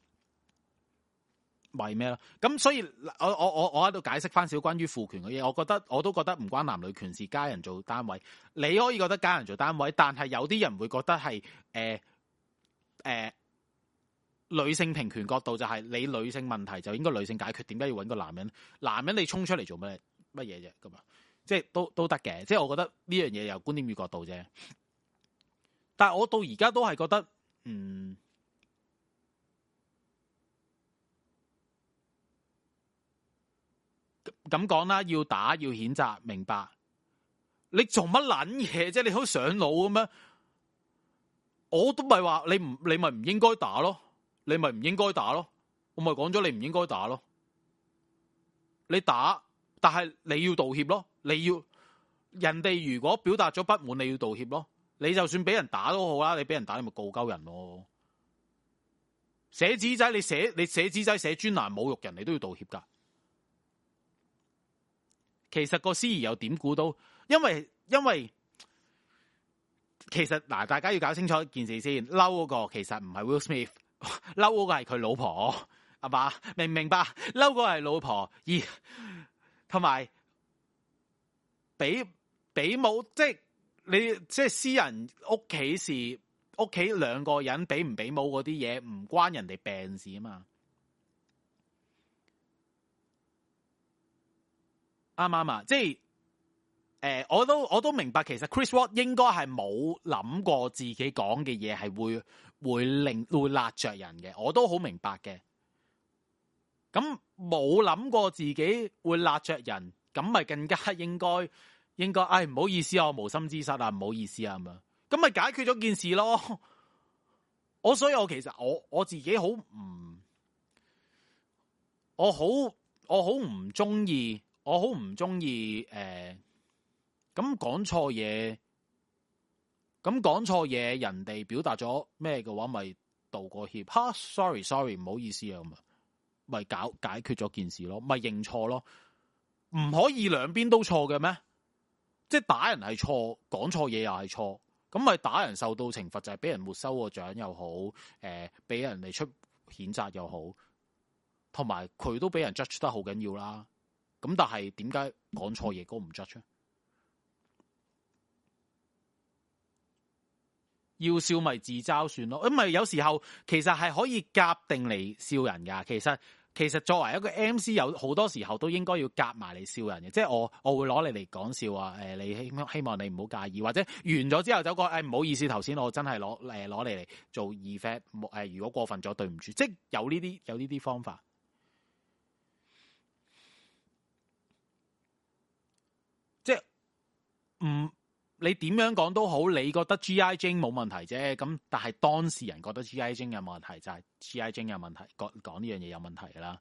S1: 為咩咯？咁所以我我我我喺度解釋翻少關於父權嘅嘢，我覺得我都覺得唔關男女權事，家人做單位，你可以覺得家人做單位，但係有啲人會覺得係誒誒女性平權的角度就係你女性問題就應該女性解決，點解要揾個男人？男人你衝出嚟做乜乜嘢啫？咁啊，即係都都得嘅，即係我覺得呢樣嘢由觀點與角度啫。但係我到而家都係覺得，嗯。咁講啦，要打要譴責，明白？你做乜撚嘢啫？你好上腦咁樣？我都唔係話你唔，你咪唔應該打咯，你咪唔應該打咯，我咪講咗你唔應該打咯。你打，但係你要道歉咯，你要人哋如果表達咗不滿，你要道歉咯。你就算俾人打都好啦，你俾人打你咪告鳩人咯。寫紙仔你寫你寫紙仔寫專欄侮辱人，你都要道歉噶。其實個司儀又點估到？因為因為其實嗱，大家要搞清楚一件事先，嬲個其實唔係 Will Smith，嬲個係佢老婆，係嘛？明唔明白？嬲個係老婆，而同埋俾俾母，即係你即係私人屋企事，屋企兩個人俾唔俾母嗰啲嘢，唔關人哋病事啊嘛。啱啱啊！即係誒，我都我都明白，其實 Chris Watt 應該係冇諗過自己講嘅嘢係會會令會辣着人嘅。我都好明白嘅。咁冇諗過自己會辣着人，咁咪更加應該應該，哎唔好意思啊，我無心之失啊，唔好意思啊咁啊，咁咪解決咗件事咯。我所以我其實我我自己好唔，我好我好唔中意。我好唔中意誒，咁講錯嘢，咁講錯嘢，人哋表達咗咩嘅話，咪道個歉，哈，sorry sorry，唔好意思啊咁啊，咪搞解決咗件事咯，咪認錯咯，唔可以兩邊都錯嘅咩？即係打人係錯，講錯嘢又係錯，咁咪打人受到懲罰就係、是、俾人沒收個獎又好，誒、呃、俾人哋出譴責又好，同埋佢都俾人 judge 得好緊要啦。咁但係點解講錯嘢哥唔 judge？要笑咪自嘲算咯，咁咪有時候其實係可以夾定嚟笑人噶。其實其實作為一個 MC，有好多時候都應該要夾埋嚟笑人嘅。即係我我會攞你嚟講笑啊，誒、呃，你希望希望你唔好介意。或者完咗之後就講，誒、哎，唔好意思，頭先我真係攞誒攞你嚟做 effect，誒、呃，如果過分咗，對唔住。即係有呢啲有呢啲方法。唔、嗯，你點樣講都好，你覺得 GI Jane 冇問題啫。咁但係當事人覺得 GI Jane 有問題，就係 GI Jane 有問題，講講呢樣嘢有問題啦。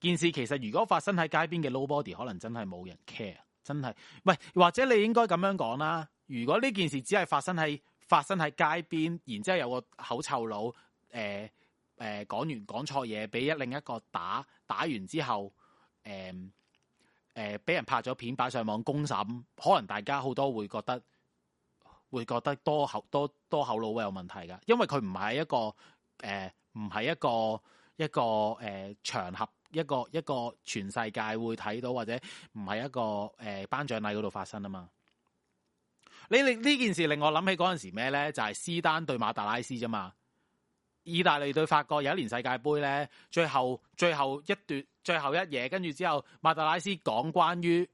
S1: 件事其實如果發生喺街邊嘅 nobody，可能真係冇人 care，真係。唔係，或者你應該咁樣講啦。如果呢件事只係發生喺發生喺街邊，然之後有個口臭佬，誒誒講完講錯嘢，俾一另一個打打完之後，誒、呃。誒，俾人拍咗片擺上網公審，可能大家好多會覺得會覺得多口多多口腦會有問題㗎，因為佢唔係一個誒，唔、呃、係一個一個誒、呃、場合，一個一個全世界會睇到，或者唔係一個誒頒獎禮嗰度發生啊嘛。你你呢件事令我諗起嗰陣時咩呢？就係、是、施丹對馬達拉斯啫嘛，意大利對法國有一年世界杯呢，最後最後一段。最後一夜，跟住之後，馬特拉斯講關於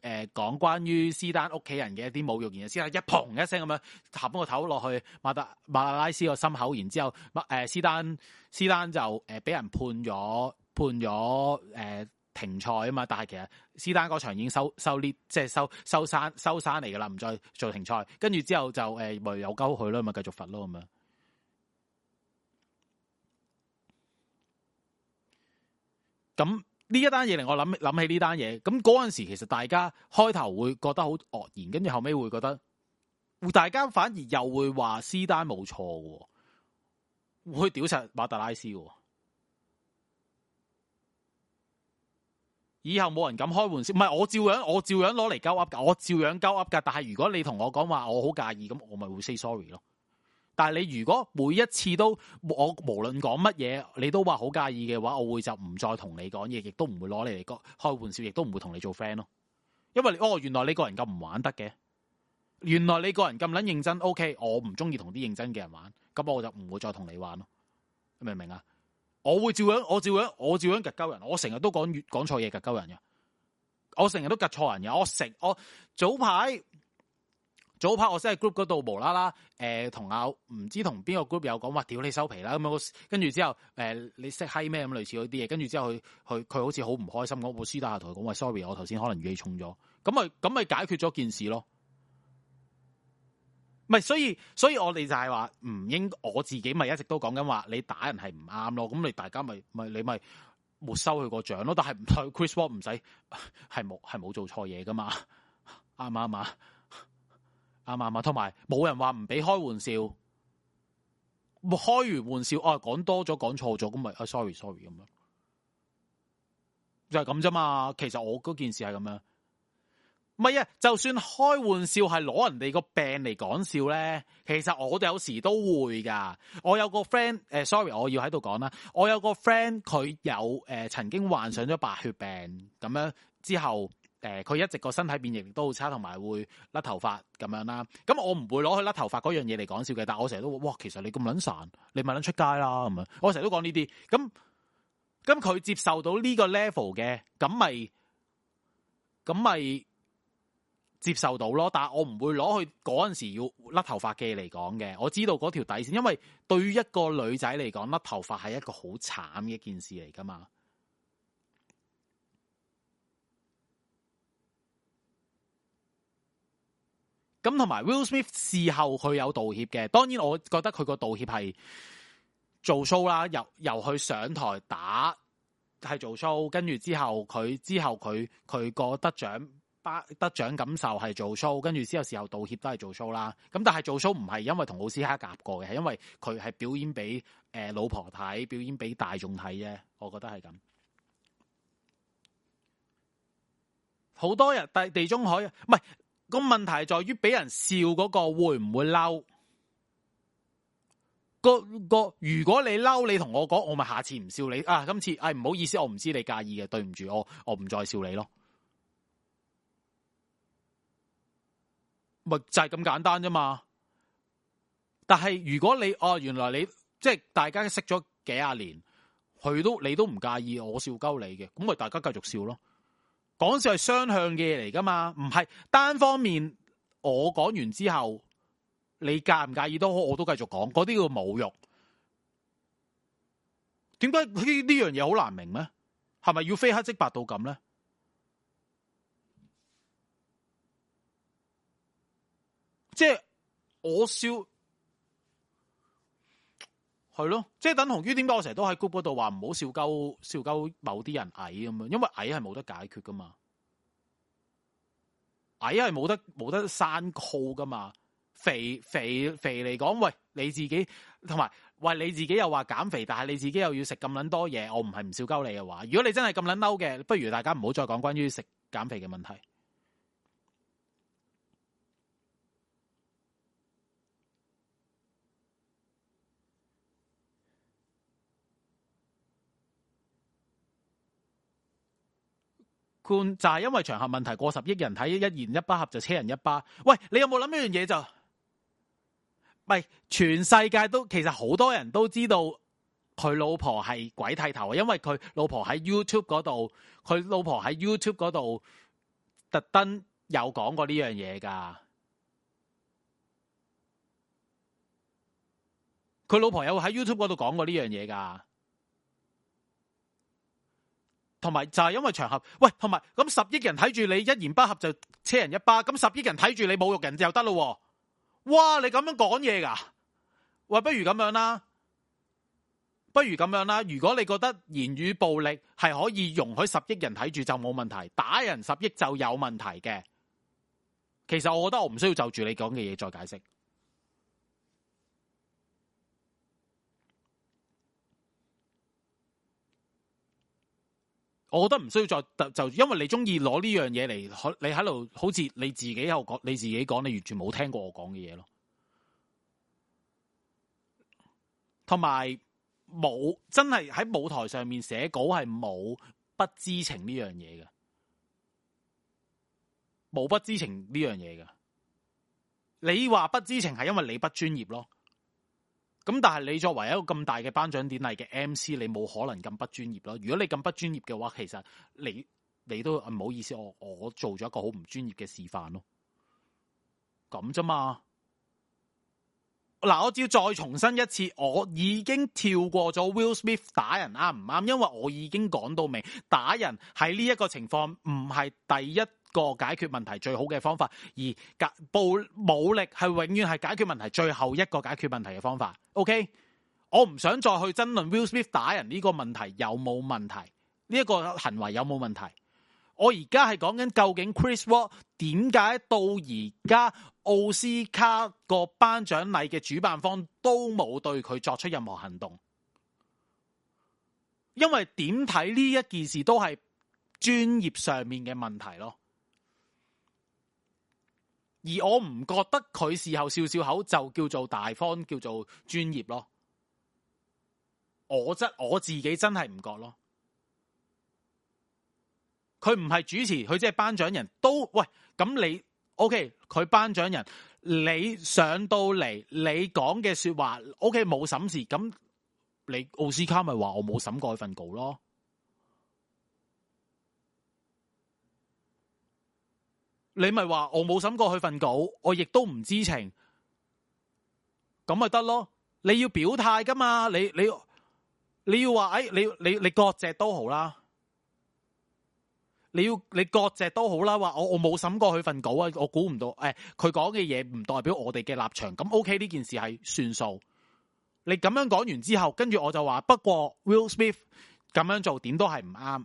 S1: 誒講關於斯丹屋企人嘅一啲侮辱言詞，斯丹一砰一聲咁樣插個頭落去馬特馬特拉斯個心口，然之後馬誒、呃、斯丹斯丹就誒俾、呃、人判咗判咗誒、呃、停賽啊嘛，但係其實斯丹嗰場已經收收呢即係收收山收山嚟㗎啦，唔再做停賽，跟住之後就誒咪、呃、有鳩佢咯，咪繼續罰咯咁樣。咁呢一單嘢令我諗諗起呢單嘢，咁嗰陣時其實大家開頭會覺得好愕然，跟住後尾會覺得，大家反而又會話私單冇錯，會去屌晒馬特拉斯。以後冇人敢開玩笑，唔係我照樣我照樣攞嚟鳩噏噶，我照樣鳩噏噶。但係如果你同我講話我好介意，咁我咪會 say sorry 咯。但係你如果每一次都我無論講乜嘢，你都話好介意嘅話，我會就唔再同你講嘢，亦都唔會攞你嚟開玩笑，亦都唔會同你做 friend 咯。因為你哦，原來你個人咁唔玩得嘅，原來你個人咁捻認真。OK，我唔中意同啲認真嘅人玩，咁我就唔會再同你玩咯。明唔明啊？我會照樣，我照樣，我照樣夾鳩人。我成日都講越講錯嘢夾鳩人嘅，我成日都夾錯人嘅。我成我早排。早拍我真係 group 嗰度無啦啦，誒同阿唔知同邊個 group 有講話，屌你收皮啦咁樣，跟住之後誒、呃、你識嗨咩咁類似嗰啲嘢，跟住之後佢佢佢好似好唔開心，我私底下同佢講話 sorry，我頭先可能語氣重咗，咁咪咁咪解決咗件事咯。唔係所以所以我哋就係話唔應我自己咪一直都講緊話你打人係唔啱咯，咁你大家咪咪你咪沒收佢個獎咯，但係 Chris Wall 唔使係冇係冇做錯嘢噶嘛，啱唔啱啊？啱唔啱？同埋冇人話唔俾開玩笑，開完玩笑，我講多咗，講錯咗，咁咪啊，sorry，sorry 咁樣，就係咁啫嘛。其實我嗰件事係咁樣，唔係啊。就算開玩笑係攞人哋個病嚟講笑咧，其實我哋有時都會噶。我有個 friend，誒，sorry，我要喺度講啦。我有個 friend，佢有誒曾經患上咗白血病，咁樣之後。佢、呃、一直個身體免疫力都好差，同埋會甩頭髮咁樣啦。咁我唔會攞佢甩頭髮嗰樣嘢嚟講笑嘅。但我成日都話，哇，其實你咁撚孱，你咪撚出街啦咁樣。我成日都講呢啲。咁咁佢接受到呢個 level 嘅，咁咪咁咪接受到咯。但我唔會攞佢嗰陣時要甩頭髮嘅嚟講嘅。我知道嗰條底線，因為對於一個女仔嚟講，甩頭髮係一個好慘嘅一件事嚟㗎嘛。咁同埋 Will Smith 事後佢有道歉嘅，當然我覺得佢個道歉係做 show 啦，由由佢上台打係做 show，跟住之後佢之後佢佢個得獎得獎感受係做 show，跟住之後事後道歉都係做 show 啦。咁但係做 show 唔係因為同奧斯卡夾過嘅，係因為佢係表演俾誒老婆睇，表演俾大眾睇啫。我覺得係咁，好多人但係地中海唔係。個問題在於俾人笑嗰個會唔會嬲？個個如果你嬲，你同我講，我咪下次唔笑你啊！今次唉唔、哎、好意思，我唔知你介意嘅，對唔住我，我唔再笑你咯。咪就係、是、咁簡單啫嘛。但係如果你哦、啊，原來你即係大家識咗幾廿年，佢都你都唔介意我笑鳩你嘅，咁咪大家繼續笑咯。.講笑係雙向嘅嘢嚟噶嘛，唔係單方面我講完之後，你介唔介意都好，我都繼續講，嗰啲叫侮辱。點解呢呢樣嘢好難明咧？係咪要非黑即白到咁咧？即係我笑。係咯，即係等同於點解我成日都喺 group 嗰度話唔好笑鳩笑鳩某啲人矮咁樣，因為矮係冇得解決噶嘛，矮係冇得冇得生高噶嘛，肥肥肥嚟講，喂你自己同埋喂你自己又話減肥，但係你自己又要食咁捻多嘢，我唔係唔笑鳩你嘅話，如果你真係咁捻嬲嘅，不如大家唔好再講關於食減肥嘅問題。就係，因為場合問題過十億人睇，一言一巴合就車人一巴。喂，你有冇諗一樣嘢？就唔係全世界都，其實好多人都知道佢老婆係鬼剃頭，因為佢老婆喺 YouTube 嗰度，佢老婆喺 YouTube 嗰度特登有講過呢樣嘢噶。佢老婆有喺 YouTube 嗰度講過呢樣嘢噶。同埋就係因為場合，喂，同埋咁十億人睇住你一言不合就車人一巴，咁十億人睇住你侮辱人就得咯，哇！你咁樣講嘢噶，喂，不如咁樣啦，不如咁樣啦。如果你覺得言語暴力係可以容許十億人睇住就冇問題，打人十億就有問題嘅，其實我覺得我唔需要就住你講嘅嘢再解釋。我覺得唔需要再特就，因為你中意攞呢樣嘢嚟，你喺度好似你自己喺度講，你自己講，你完全冇聽過我講嘅嘢咯。同埋冇真係喺舞台上面寫稿係冇不知情呢樣嘢嘅，冇不知情呢樣嘢嘅。你話不知情係因為你不專業咯。咁但係你作為一個咁大嘅頒獎典禮嘅 M.C.，你冇可能咁不專業咯。如果你咁不專業嘅話，其實你你都唔好意思，我我做咗一個好唔專業嘅示範咯。咁啫嘛。嗱，我只要再重申一次，我已經跳過咗 Will Smith 打人啱唔啱？因為我已經講到明打人喺呢一個情況唔係第一個解決問題最好嘅方法，而解暴武力係永遠係解決問題最後一個解決問題嘅方法。OK，我唔想再去爭論 Will Smith 打人呢個問題有冇問題，呢一個行為有冇問題。我而家係講緊究竟 Chris Wall 點解到而家奧斯卡個頒獎禮嘅主辦方都冇對佢作出任何行動，因為點睇呢一件事都係專業上面嘅問題咯。而我唔覺得佢事後笑笑口就叫做大方，叫做專業咯。我則我自己真係唔覺咯。佢唔係主持，佢即係頒獎人。都喂咁你 OK 佢頒獎人，你上到嚟你講嘅說話 OK 冇審視咁，你奧斯卡咪話我冇審過佢份稿咯。你咪話我冇審過佢份稿，我亦都唔知情，咁咪得咯？你要表態噶嘛？你你你要話誒、哎，你你你割席都好啦，你要你割席都好啦，話我我冇審過佢份稿啊，我估唔到誒，佢講嘅嘢唔代表我哋嘅立場，咁 OK 呢件事係算數。你咁樣講完之後，跟住我就話，不過 Will Smith 咁樣做點都係唔啱，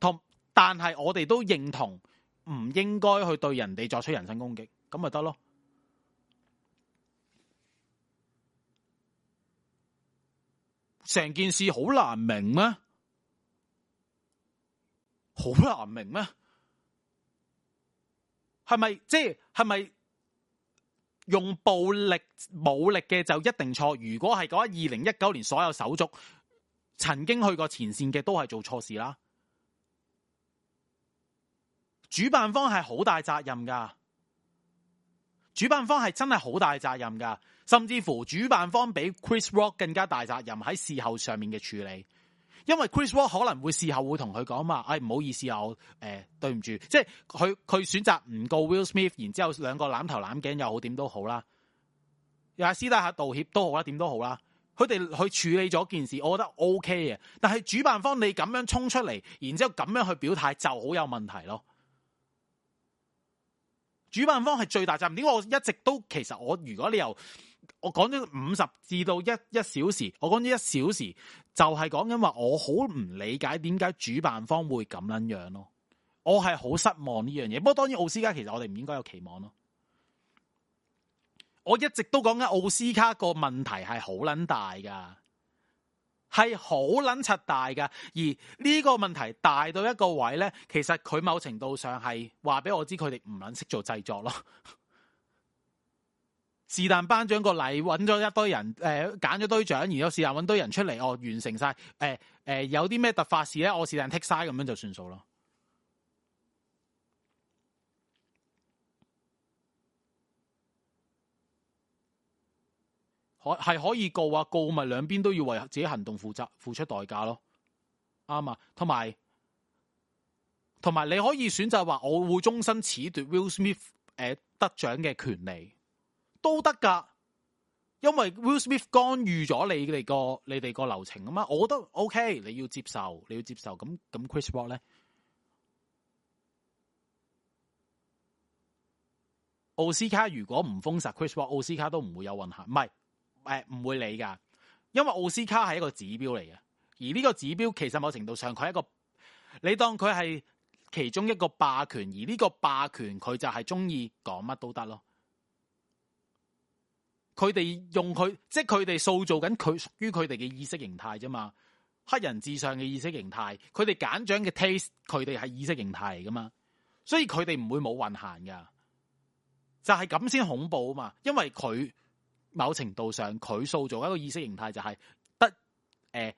S1: 同但係我哋都認同。唔應該去對人哋作出人身攻擊，咁咪得咯？成件事好難明咩？好難明咩？係咪即係係咪用暴力武力嘅就一定錯？如果係講二零一九年所有手足曾經去過前線嘅，都係做錯事啦。主辦方係好大責任噶主辦方係真係好大責任噶甚至乎主辦方比 Chris Rock 更加大責任喺事後上面嘅處理，因為 Chris Rock 可能會事後會同佢講嘛，哎唔好意思啊，誒、欸、對唔住，即係佢佢選擇唔告 Will Smith，然之後兩個攬頭攬頸又好，點都好啦，又係私底下道歉都好啦，點都好啦，佢哋去處理咗件事，我覺得 OK 嘅，但係主辦方你咁樣衝出嚟，然之後咁樣去表態就好有問題咯。主辦方係最大責任，點解我一直都其實我如果你由我講咗五十至到一一小時，我講咗一小時就係講緊話我好唔理解點解主辦方會咁樣樣咯，我係好失望呢樣嘢。不過當然奧斯卡其實我哋唔應該有期望咯，我一直都講緊奧斯卡個問題係好捻大噶。係好捻柒大噶，而呢個問題大到一個位咧，其實佢某程度上係話俾我知佢哋唔捻識做製作咯。是但頒獎個禮揾咗一堆人，誒揀咗堆獎，然後是但揾堆人出嚟哦，我完成晒誒誒，有啲咩突發事咧，我是但 take 晒咁樣就算數咯。我係可以告啊，告咪兩邊都要為自己行動負責，付出代價咯，啱啊。同埋，同埋你可以選擇話我會終身褫奪 Will Smith 誒得獎嘅權利，都得噶，因為 Will Smith 干預咗你哋個你哋個流程啊嘛，我都 OK，你要接受，你要接受。咁咁 Chris r o c 咧，奧斯卡如果唔封殺 Chris r o 奧斯卡都唔會有混行，唔係。誒、欸，唔會理噶，因為奧斯卡係一個指標嚟嘅，而呢個指標其實某程度上佢係一個，你當佢係其中一個霸權，而呢個霸權佢就係中意講乜都得咯。佢哋用佢，即係佢哋塑造緊佢屬於佢哋嘅意識形態啫嘛，黑人至上嘅意識形態，佢哋揀獎嘅 taste，佢哋係意識形態嚟噶嘛，所以佢哋唔會冇運行噶，就係咁先恐怖啊嘛，因為佢。某程度上，佢塑造一個意識形態就係得誒誒、欸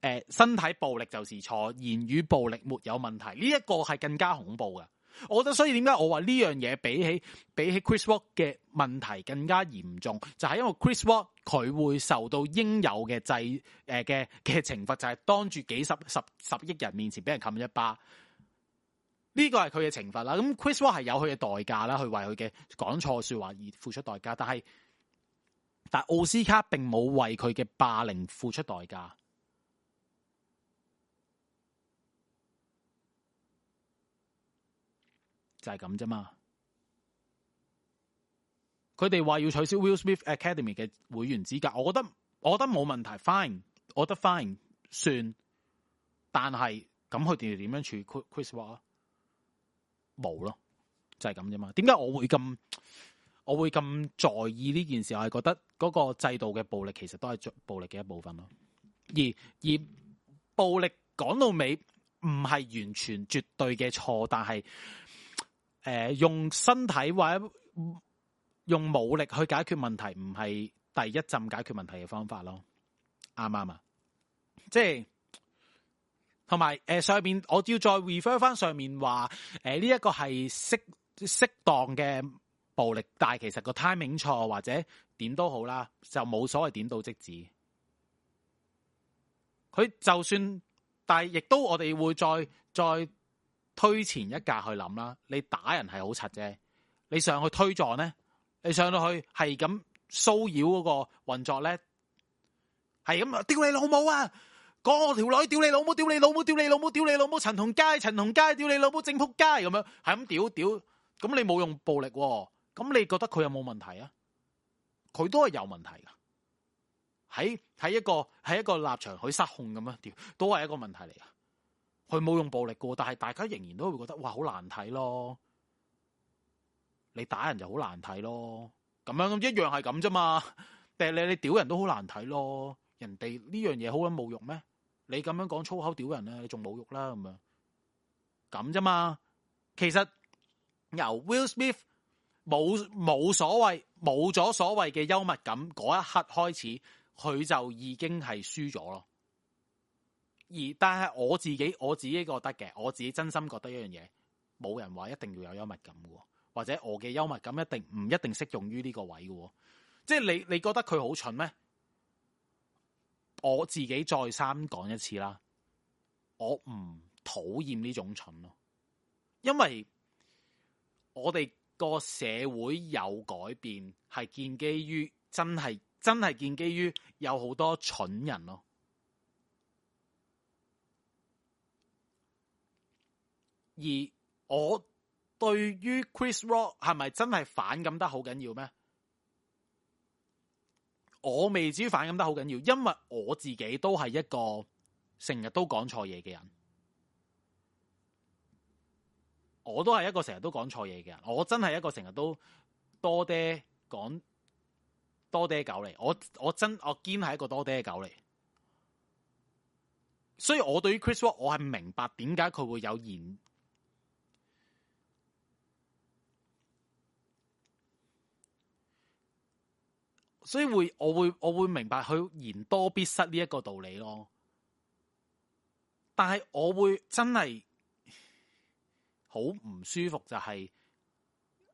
S1: 欸、身體暴力就是錯，言語暴力沒有問題。呢一、這個係更加恐怖嘅。我覺得，所以點解我話呢樣嘢比起比起 Chris Rock 嘅問題更加嚴重，就係、是、因為 Chris Rock 佢會受到應有嘅制誒嘅嘅懲罰就係、是、當住幾十十十億人面前俾人冚一巴。呢、這個係佢嘅懲罰啦，咁 Chris Wall 係有佢嘅代價啦，去為佢嘅講錯說話而付出代價。但係但是奧斯卡並冇為佢嘅霸凌付出代價，就係咁啫嘛。佢哋話要取消 Will Smith Academy 嘅會員資格，我覺得我覺得冇問題，fine，我覺得 fine，算。但係咁佢哋點樣處 Chris Wall 啊？冇咯，就係咁啫嘛。點解我會咁我會咁在意呢件事？我係覺得嗰個制度嘅暴力其實都係暴力嘅一部分咯。而而暴力講到尾唔係完全絕對嘅錯，但係誒、呃、用身體或者用武力去解決問題唔係第一陣解決問題嘅方法咯。啱唔啱啊？即係。同埋誒，上面我要再 refer 翻上面話，誒，呢一個係適適當嘅暴力，但係其實個 timing 錯，或者點都好啦，就冇所謂，點到即止。佢就算，但係亦都我哋會再再推前一格去諗啦。你打人係好柒啫，你上去推撞咧，你上到去係咁騷擾嗰個運作咧，係咁啊，屌你老母啊！講條女屌你老母，屌你老母，屌你老母，屌你老母，陳同佳，陳同佳，屌你老母，正仆街咁樣，係咁屌屌，咁你冇用暴力、哦，咁你覺得佢有冇問題啊？佢都係有問題噶，喺喺一個喺一個立場去失控咁樣屌，都係一個問題嚟啊，佢冇用暴力過，但係大家仍然都會覺得哇好難睇咯，你打人就好難睇咯，咁樣咁一樣係咁啫嘛，但係你你屌人都好難睇咯，人哋呢樣嘢好撚侮辱咩？你咁樣講粗口屌人啦，你仲侮辱啦咁樣，咁啫嘛。其實由 Will Smith 冇冇所謂，冇咗所謂嘅幽默感嗰一刻開始，佢就已經係輸咗咯。而但係我自己我自己覺得嘅，我自己真心覺得一樣嘢，冇人話一定要有幽默感喎，或者我嘅幽默感一定唔一定適用於呢個位嘅，即係你你覺得佢好蠢咩？我自己再三講一次啦，我唔討厭呢種蠢咯，因為我哋個社會有改變，係建基於真係真係建基於有好多蠢人咯。而我對於 Chris Rock 係咪真係反感得好緊要咩？我未至於反應得好緊要，因為我自己都係一個成日都講錯嘢嘅人，我都係一個成日都講錯嘢嘅人，我真係一個成日都多爹講多爹狗嚟，我我真我堅係一個多爹狗嚟，所以我對於 Chris Watts，我係明白點解佢會有言。所以會我會我會明白佢言多必失呢一個道理咯。但係我會真係好唔舒服，就係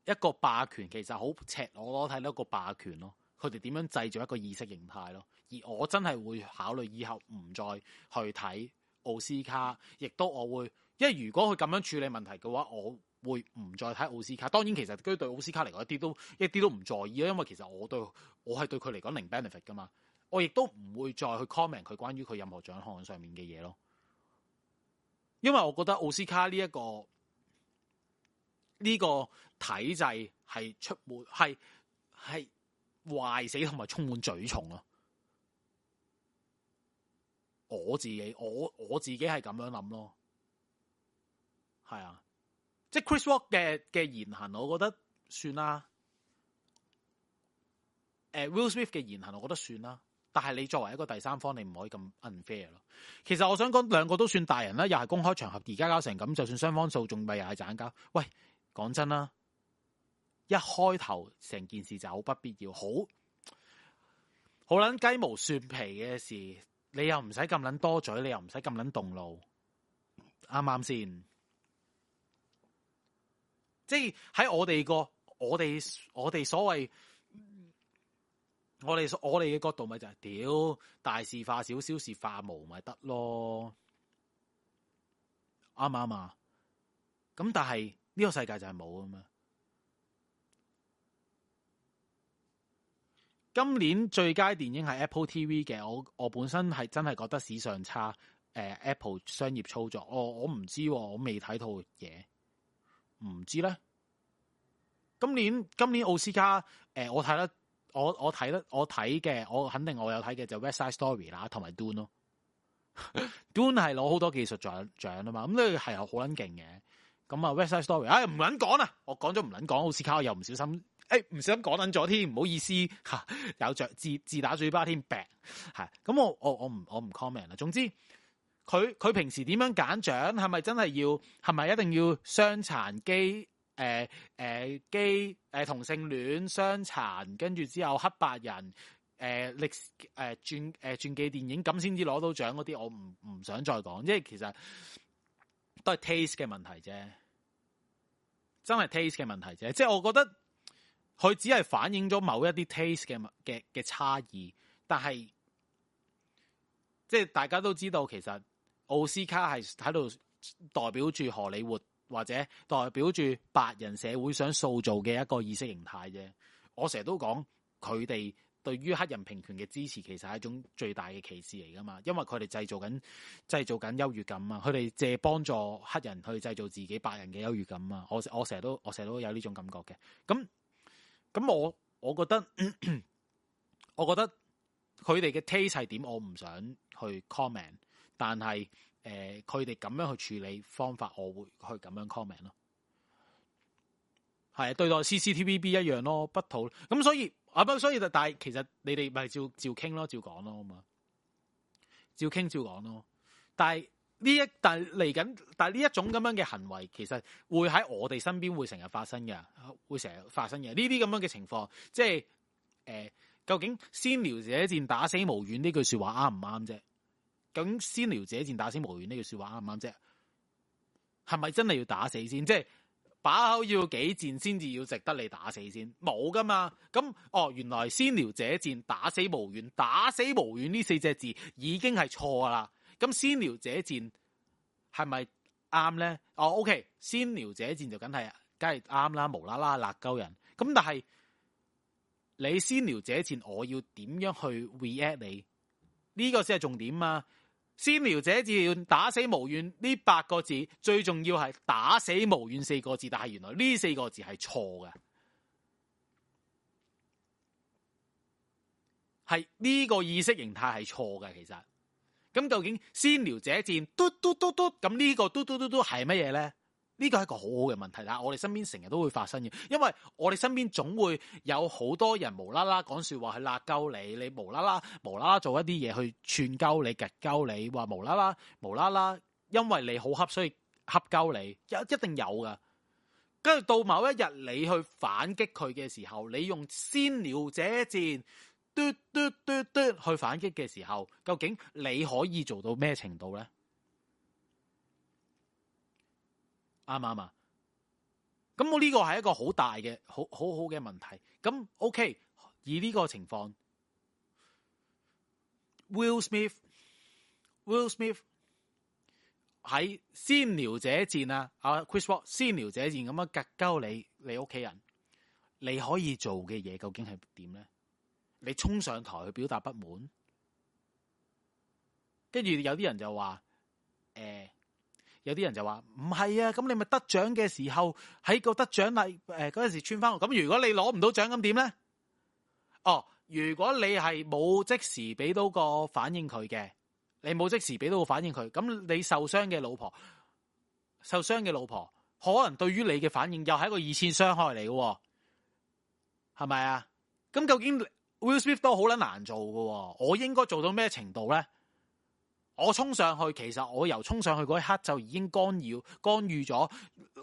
S1: 一個霸權其實好赤裸裸睇到一個霸權咯。佢哋點樣製造一個意識形態咯。而我真係會考慮以後唔再去睇奧斯卡，亦都我會，因為如果佢咁樣處理問題嘅話，我會唔再睇奧斯卡。當然，其實佢對奧斯卡嚟講一啲都一啲都唔在意咯，因為其實我對。我係對佢嚟講零 benefit 噶嘛，我亦都唔會再去 comment 佢關於佢任何獎項上面嘅嘢咯，因為我覺得奧斯卡呢一個呢個體制係出沒係係壞死同埋充滿蛀蟲，咯，我自己我我自己係咁樣諗咯，係啊，即係 Chris Rock 嘅嘅言行，我覺得算啦。誒、uh，Will Smith 嘅言行，我覺得算啦。但係你作為一個第三方，你唔可以咁 unfair 咯。其實我想講，兩個都算大人啦，又係公開場合，而家搞成咁，就算雙方訴訟，咪又係盞膠。喂，講真啦，一開頭成件事就好不必要，好好捻雞毛蒜皮嘅事，你又唔使咁捻多嘴，你又唔使咁捻動怒，啱唔啱先？即係喺我哋個，我哋我哋所謂。我哋我哋嘅角度咪就係，屌大事化小，小事化無咪得咯，啱唔啱啊？咁但係呢個世界就係冇啊嘛。今年最佳電影係 Apple TV 嘅，我我本身係真係覺得史上差。誒，Apple 商業操作，我我唔知，我未睇套嘢，唔知咧。今年今年奧斯卡，誒，我睇得。我我睇得我睇嘅，我肯定我有睇嘅就 West Side Story 啦，同埋 Dune 咯、哦。 Dune 係攞好多技術獎獎啊嘛，咁呢個係好捻勁嘅。咁啊 West Side Story 唉、哎，唔捻講啊，我講咗唔捻講，奧斯卡又唔小心，誒、哎、唔小心講捻咗添，唔好意思吓、啊，有着自自打嘴巴添病。係。咁我我我唔我唔 comment 啦。總之佢佢平時點樣揀獎，係咪真係要，係咪一定要傷殘機？誒、啊、誒、啊，基誒、啊、同性戀、傷殘，跟住之後黑白人，誒歷史誒傳誒傳記電影，咁先至攞到獎啲。我唔唔想再講，即係其實都係 taste 嘅問題啫，真係 taste 嘅問題啫。即係我覺得佢只係反映咗某一啲 taste 嘅嘅嘅差異，但係即係大家都知道，其實奧斯卡係喺度代表住荷里活，或者代表住白人社會想塑造嘅一個意識形態啫。我成日都講佢哋對於黑人平權嘅支持其實係一種最大嘅歧視嚟㗎嘛，因為佢哋製造緊、製造緊優越感啊！佢哋借幫助黑人去製造自己白人嘅優越感啊！我我成日都、我成日都有呢種感覺嘅。咁咁，我我覺得，咳咳我覺得佢哋嘅 taste 係點，我唔想去 comment，但係。誒、呃，佢哋咁樣去處理方法，我會去咁樣 comment 咯，係對待 CCTVB 一樣咯，不妥。咁所以啊，不所以就但係，其實你哋咪照照傾咯，照講咯好嘛，照傾照講咯。但係呢一但嚟緊，但係呢一種咁樣嘅行為，其實會喺我哋身邊會成日發生嘅，會成日發生嘅呢啲咁樣嘅情況，即係誒、呃，究竟先撩者賤，打死無怨呢句說話啱唔啱啫？咁先撩者賤，打死無怨，呢句說話啱唔啱啫？係咪真係要打死先？即係把口要幾賤先至要值得你打死先？冇噶嘛？咁哦，原來先撩者賤打死無怨，打死無怨呢四隻字已經係錯啦。咁先撩者賤，係咪啱咧？哦，OK，先撩者賤就梗係梗係啱啦，無啦啦辣鳩人。咁但係你先撩者賤，我要點樣去 react 你？呢個先係重點啊！先撩者賤，打死無怨呢八個字，最重要係打死無怨四個字，但係原來呢四個字係錯嘅，係呢個意識形態係錯嘅，其實。咁究竟先撩者賤，嘟嘟嘟嘟，咁呢個嘟嘟嘟嘟係乜嘢咧？呢個係一個好好嘅問題啦！我哋身邊成日都會發生嘅，因為我哋身邊總會有好多人無啦啦講説話去辣鳩你，你無啦啦無啦啦做一啲嘢去串鳩你、夾鳩你，話無啦啦無啦啦，因為你好恰所以恰鳩你，一定有嘅。跟住到某一日你去反擊佢嘅時候，你用先撩者戰嘟嘟嘟嘟去反擊嘅時候，究竟你可以做到咩程度呢？啱嘛？啱啊？咁我呢個係一個大好大嘅好好好嘅問題。咁 OK，以呢個情況，Will Smith，Will Smith 喺 Smith 先聊者戰啊，啊 Chris Rock 先聊者戰咁樣格鳩你你屋企人，你可以做嘅嘢究竟係點咧？你衝上台去表達不滿，跟住有啲人就話誒。欸有啲人就話唔係啊，咁你咪得獎嘅時候喺個得獎禮誒嗰陣時穿翻，咁如果你攞唔到獎咁點咧？哦，如果你係冇即時俾到個反應佢嘅，你冇即時俾到個反應佢，咁你受傷嘅老婆受傷嘅老婆，可能對於你嘅反應又係一個二次傷害嚟嘅，係咪啊？咁究竟 Will Smith 都好捻難做噶，我應該做到咩程度咧？我衝上去，其實我由衝上去嗰一刻就已經干擾、干預咗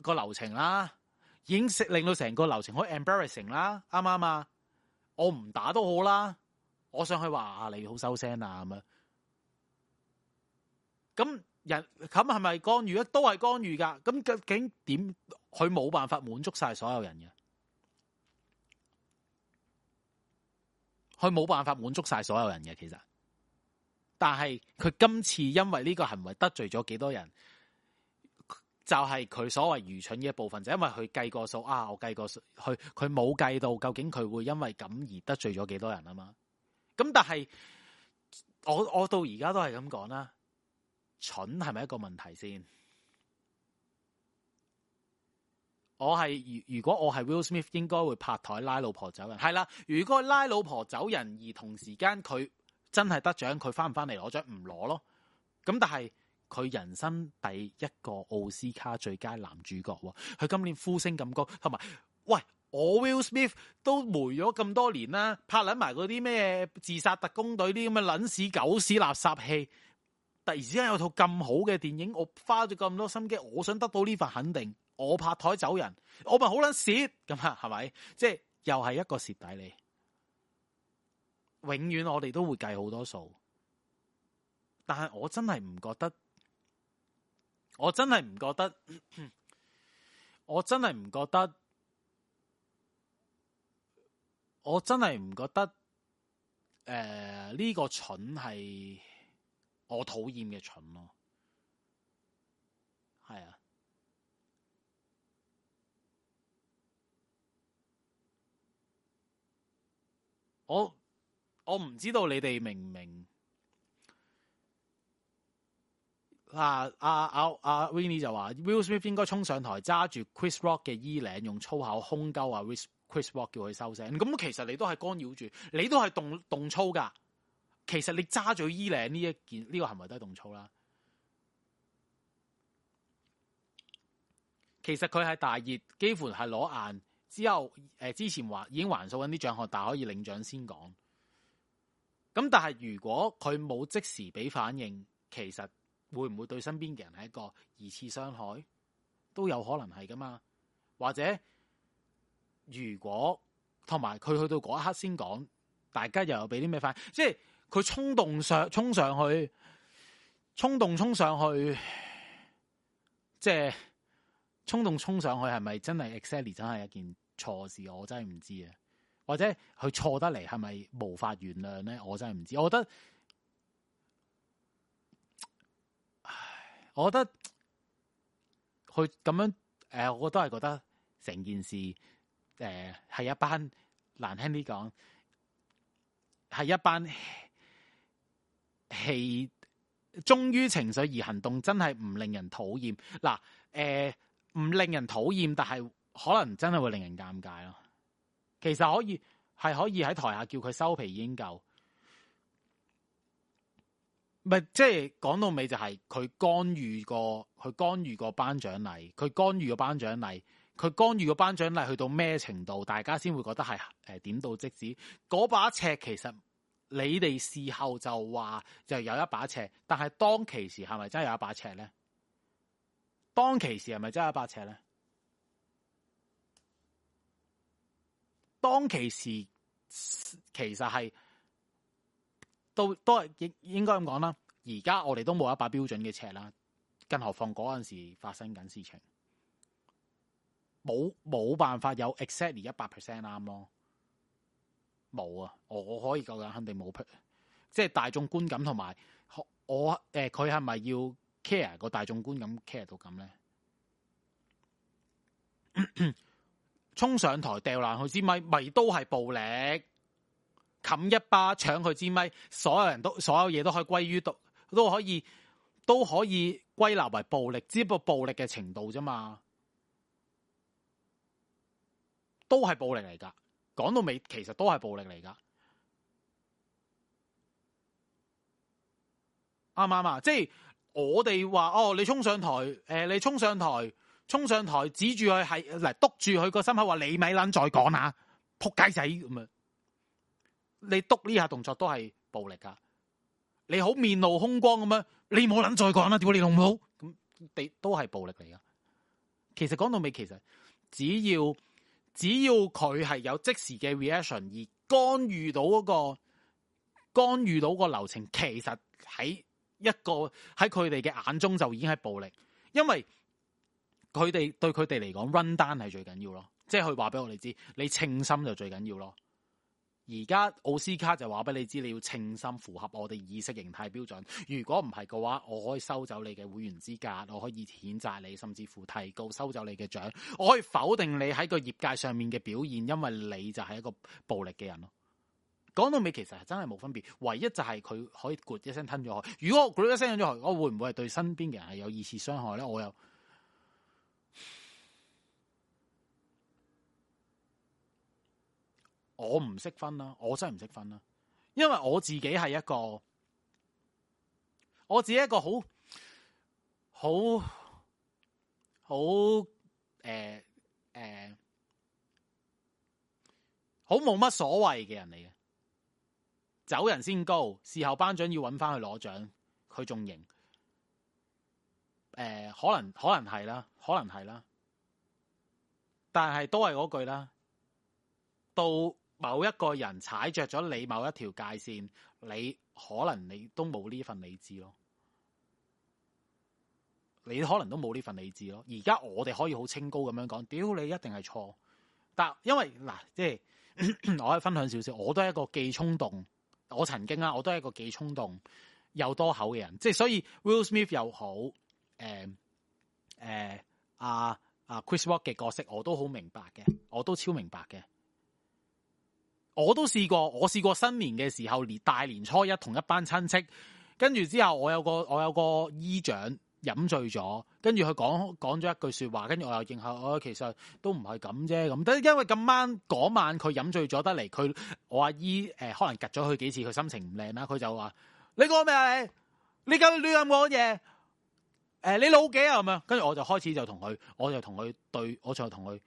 S1: 個流程啦，已經令到成個流程好 embarrassing 啦，啱唔啱啊？我唔打都好啦，我上去話、啊、你好收聲啊，咁樣。咁人咁係咪干預啊？都係干預噶。咁究竟點？佢冇辦法滿足晒所有人嘅，佢冇辦法滿足晒所有人嘅，其實。但係佢今次因為呢個行為得罪咗幾多人，就係佢所謂愚蠢嘅部分，就係因為佢計過數啊，我計過數，佢佢冇計到究竟佢會因為咁而得罪咗幾多人啊嘛。咁但係我我到而家都係咁講啦，蠢係咪一個問題先？我係如如果我係 Will Smith，應該會拍台拉老婆走人。係啦，如果拉老婆走人而同時間佢。真係得獎，佢翻唔翻嚟攞獎唔攞咯？咁但係佢人生第一個奧斯卡最佳男主角，佢今年呼聲咁高，同埋喂，我 Will Smith 都霉咗咁多年啦，拍捻埋嗰啲咩自殺特工隊啲咁嘅捻屎狗屎垃圾戲，突然之間有套咁好嘅電影，我花咗咁多心機，我想得到呢份肯定，我拍台走人，我咪好捻蝕咁啊？係咪？即係又係一個蝕底你。永遠我哋都會計好多數，但係我真係唔覺得，我真係唔覺得，我真係唔覺得，我真係唔覺得，誒呢個蠢係我討厭嘅蠢咯，係啊，我。我唔知道你哋明唔明，啊？嗱、啊，阿阿阿 Winnie 就話 Will Smith 應該衝上台揸住 Chris Rock 嘅衣領，用粗口空鳩啊。Chris Rock 叫佢收聲，咁其實你都係干擾住，你都係動動粗噶。其實你揸住衣領呢一件呢，這個行為都係動粗啦。其實佢係大熱，幾乎係攞硬之後誒，呃，之前話已經還數緊啲獎學，但可以領獎先講。咁但係如果佢冇即時俾反應，其實會唔會對身邊嘅人係一個二次傷害都有可能係噶嘛？或者如果同埋佢去到嗰一刻先講，大家又有俾啲咩反應？即係佢衝動上衝上去，衝動衝上去，即係衝動衝上去，係咪真係 exactly 真係一件錯事？我真係唔知啊！或者佢錯得嚟，係咪無法原諒咧？我真係唔知。我覺得，唉，我覺得佢咁樣誒、呃，我都係覺得成件事誒係、呃、一班難聽啲講，係一班係忠於情緒而行動，真係唔令人討厭。嗱、呃，誒唔令人討厭，但係可能真係會令人尷尬咯。其實可以係可以喺台下叫佢收皮已經夠，咪，即係講到尾就係佢干預過，佢干預過頒獎禮，佢干預個頒獎禮，佢干預個頒獎禮去到咩程度，大家先會覺得係誒、呃、點到即止。嗰把尺其實你哋事後就話就有一把尺，但係當其時係咪真係有一把尺咧？當其時係咪真係有一把尺咧？當其時其實係都都應應該咁講啦，而家我哋都冇一把標準嘅尺啦，更何況嗰陣時發生緊事情，冇冇辦法有 exactly 一百 percent 啱咯，冇啊！我我可以夠膽肯定冇，即係大眾觀感同埋我誒，佢係咪要 care 個大眾觀感 care 到咁咧？ 衝上台掉爛佢支咪，咪、就是、都係暴力，冚一巴搶佢支咪，所有人都所有嘢，都可以歸於都都可以都可以歸納為暴力，只不過暴力嘅程度啫嘛，都係暴力嚟噶。講到尾其實都係暴力嚟噶，啱唔啱啊？即、就、係、是、我哋話哦，你衝上台，誒、呃，你衝上台。衝上台指住佢係嚟督住佢個心口，話你咪撚再講啦，扑街仔咁啊！你督呢下動作都係暴力噶，你好面露凶光咁樣，你冇撚再講啦，屌你老母咁，你都係暴力嚟噶。其實講到尾，其實只要只要佢係有即時嘅 reaction 而干預到嗰個干預到個流程，其實喺一個喺佢哋嘅眼中就已經係暴力，因為。佢哋對佢哋嚟講 run down 係最緊要咯，即係佢話俾我哋知，你稱心就最緊要咯。而家奧斯卡就話俾你知，你要稱心符合我哋意識形態標準。如果唔係嘅話，我可以收走你嘅會員資格，我可以譴責你，甚至乎提高收走你嘅獎，我可以否定你喺個業界上面嘅表現，因為你就係一個暴力嘅人咯。講到尾其實係真係冇分別，唯一就係佢可以 g 一聲吞咗去。如果我一聲吞咗去，我會唔會係對身邊嘅人係有二次傷害咧？我又。我唔識分啦，我真係唔識分啦，因為我自己係一個我自己係一個好好好誒誒好冇乜所謂嘅人嚟嘅，走人先高，事後班長要揾翻去攞獎，佢仲型誒，可能可能係啦，可能係啦，但係都係嗰句啦，到。某一個人踩着咗你某一條界線，你可能你都冇呢份理智咯，你可能都冇呢份理智咯。而家我哋可以好清高咁樣講，屌你一定係錯。但因為嗱，即係我係分享少少，我都係一個既衝動，我曾經啊，我都係一個既衝動又多口嘅人，即係所以 Will Smith 又好，誒誒、誒、啊啊啊、Chris Rock 嘅角色，我都好明白嘅，我都超明白嘅。我都試過，我試過新年嘅時候，大年初一同一班親戚，跟住之後我有個我有個姨丈飲醉咗，跟住佢講講咗一句說話，跟住我又認下我、哎、其實都唔係咁啫，咁但因為咁晚嗰晚佢飲醉咗得嚟，佢我阿姨、呃、可能趌咗佢幾次，佢心情唔靚啦，佢就話你講咩？你咁亂講嘢？你老幾啊？咁樣，跟住我就開始就同佢，我就同佢對，我就同佢、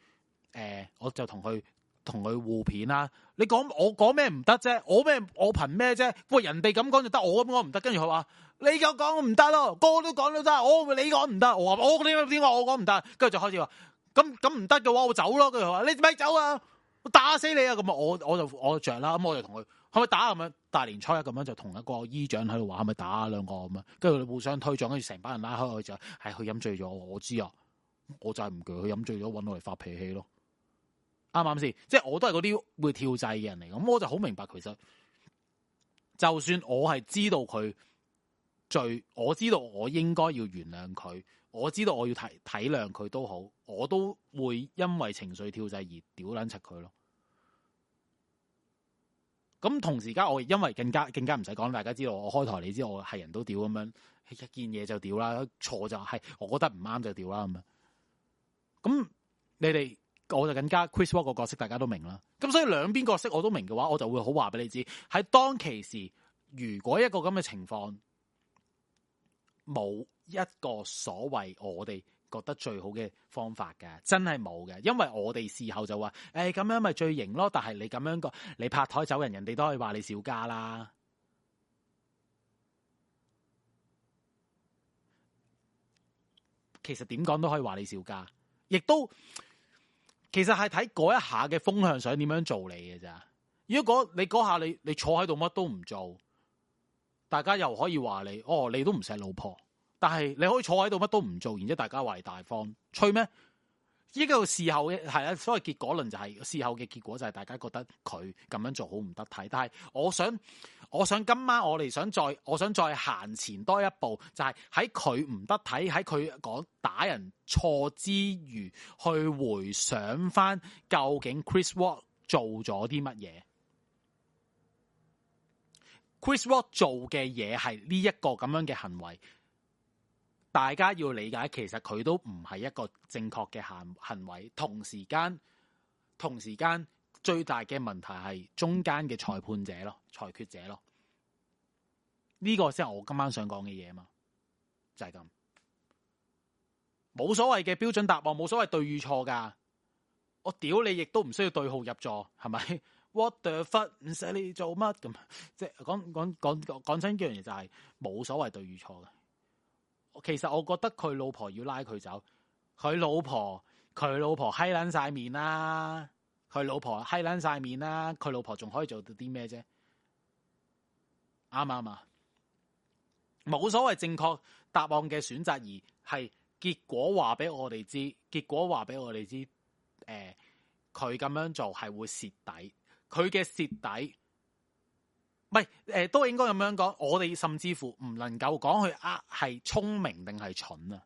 S1: 呃、我就同佢。呃同佢互片啦，你講我講咩唔得啫？我咩我憑咩啫？喂，人哋咁講就得，我咁講唔得。跟住佢話你咁講唔得咯，哥個個都講都得，我咪你講唔得。我話我點點解我講唔得？跟住就開始話咁咁唔得嘅話，我走咯。跟住話你咪走啊！我打死你啊！咁啊，我就我就我着啦。咁我就同佢可唔可以打咁樣？大年初一咁樣就同一個姨丈喺度話係咪打兩個咁啊？跟住互相推撞，跟住成班人拉開佢就係佢飲醉咗。我知啊，我就係唔記得佢飲醉咗，搵我嚟發脾氣咯。啱唔啱先？即係我都係嗰啲會跳掣嘅人嚟，咁我就好明白，其實就算我係知道佢罪，我知道我應該要原諒佢，我知道我要體體諒佢都好，我都會因為情緒跳掣而屌撚柒佢咯。咁同時間，我因為更加更加唔使講，大家知道我開台，你知道我係人都屌咁樣，一件嘢就屌啦，錯就係我覺得唔啱就屌啦咁樣。咁你哋。我就更加 Chris Wall 個角色大家都明啦，咁所以兩邊角色我都明嘅話，我就會好話俾你知，喺當其時如果一個咁嘅情況冇一個所謂我哋覺得最好嘅方法嘅，真係冇嘅，因為我哋事後就話誒咁樣咪最型咯，但係你咁樣個你拍台走人，人哋都可以話你小家啦。其實點講都可以話你小家，亦都。其實係睇嗰一下嘅風向想點樣做你嘅咋？如果你嗰下你你坐喺度乜都唔做，大家又可以話你哦，你都唔錫老婆，但係你可以坐喺度乜都唔做，然之後大家話你大方，吹咩？呢、這個事後嘅係啦，所謂結果論就係、是、事後嘅結果就係大家覺得佢咁樣做好唔得體。但係我想，我想今晚我哋想再，我想再行前多一步，就係喺佢唔得體，喺佢講打人錯之餘，去回想返究竟 Chris Wall 做咗啲乜嘢？Chris Wall 做嘅嘢係呢一個咁樣嘅行為。大家要理解，其實佢都唔係一個正確嘅行行為。同時間，同時間最大嘅問題係中間嘅裁判者咯，裁決者咯。呢、這個先係我今晚想講嘅嘢嘛，就係、是、咁。冇所謂嘅標準答案，冇所謂對與錯噶。我屌你，亦都唔需要對號入座，係咪？What the fuck？唔使你做乜咁，即係講講講講講真、就是，呢樣嘢就係冇所謂對與錯嘅。其實我覺得佢老婆要拉佢走，佢老婆佢老婆嗨捻晒面啦，佢老婆嗨捻晒面啦，佢老婆仲可以做到啲咩啫？啱唔啱啊？冇所謂正確答案嘅選擇，而係結果話俾我哋知，結果話俾我哋知，誒、呃，佢咁樣做係會蝕底，佢嘅蝕底。唔係，誒都應該咁樣講。我哋甚至乎唔能夠講佢阿係聰明定係蠢啊！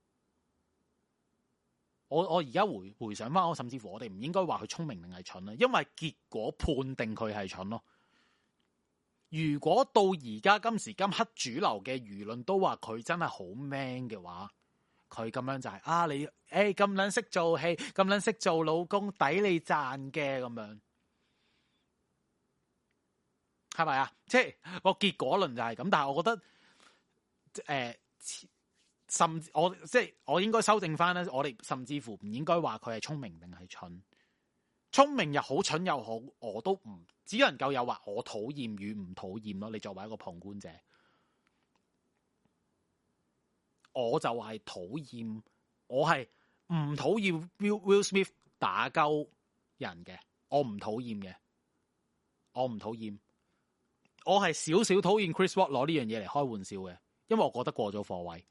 S1: 我我而家回回想翻，我甚至乎我哋唔應該話佢聰明定係蠢啊！因為結果判定佢係蠢咯。如果到而家今時今刻主流嘅輿論都話佢真係好 man 嘅話，佢咁樣就係、是、啊你誒咁撚識做戲，咁撚識做老公抵你賺嘅咁樣。係咪啊？即係個結果論就係咁，但係我覺得，誒、呃，甚至我即係我應該修正翻咧，我哋甚至乎唔應該話佢係聰明定係蠢，聰明又好，蠢又好，我都唔，只能夠有話我討厭與唔討厭咯。你作為一個旁觀者，我就係討厭，我係唔討厭 Will Smith 打鳩人嘅，我唔討厭嘅，我唔討厭。我係少少討厭 Chris Rock 攞呢樣嘢嚟開玩笑嘅，因為我覺得過咗火位。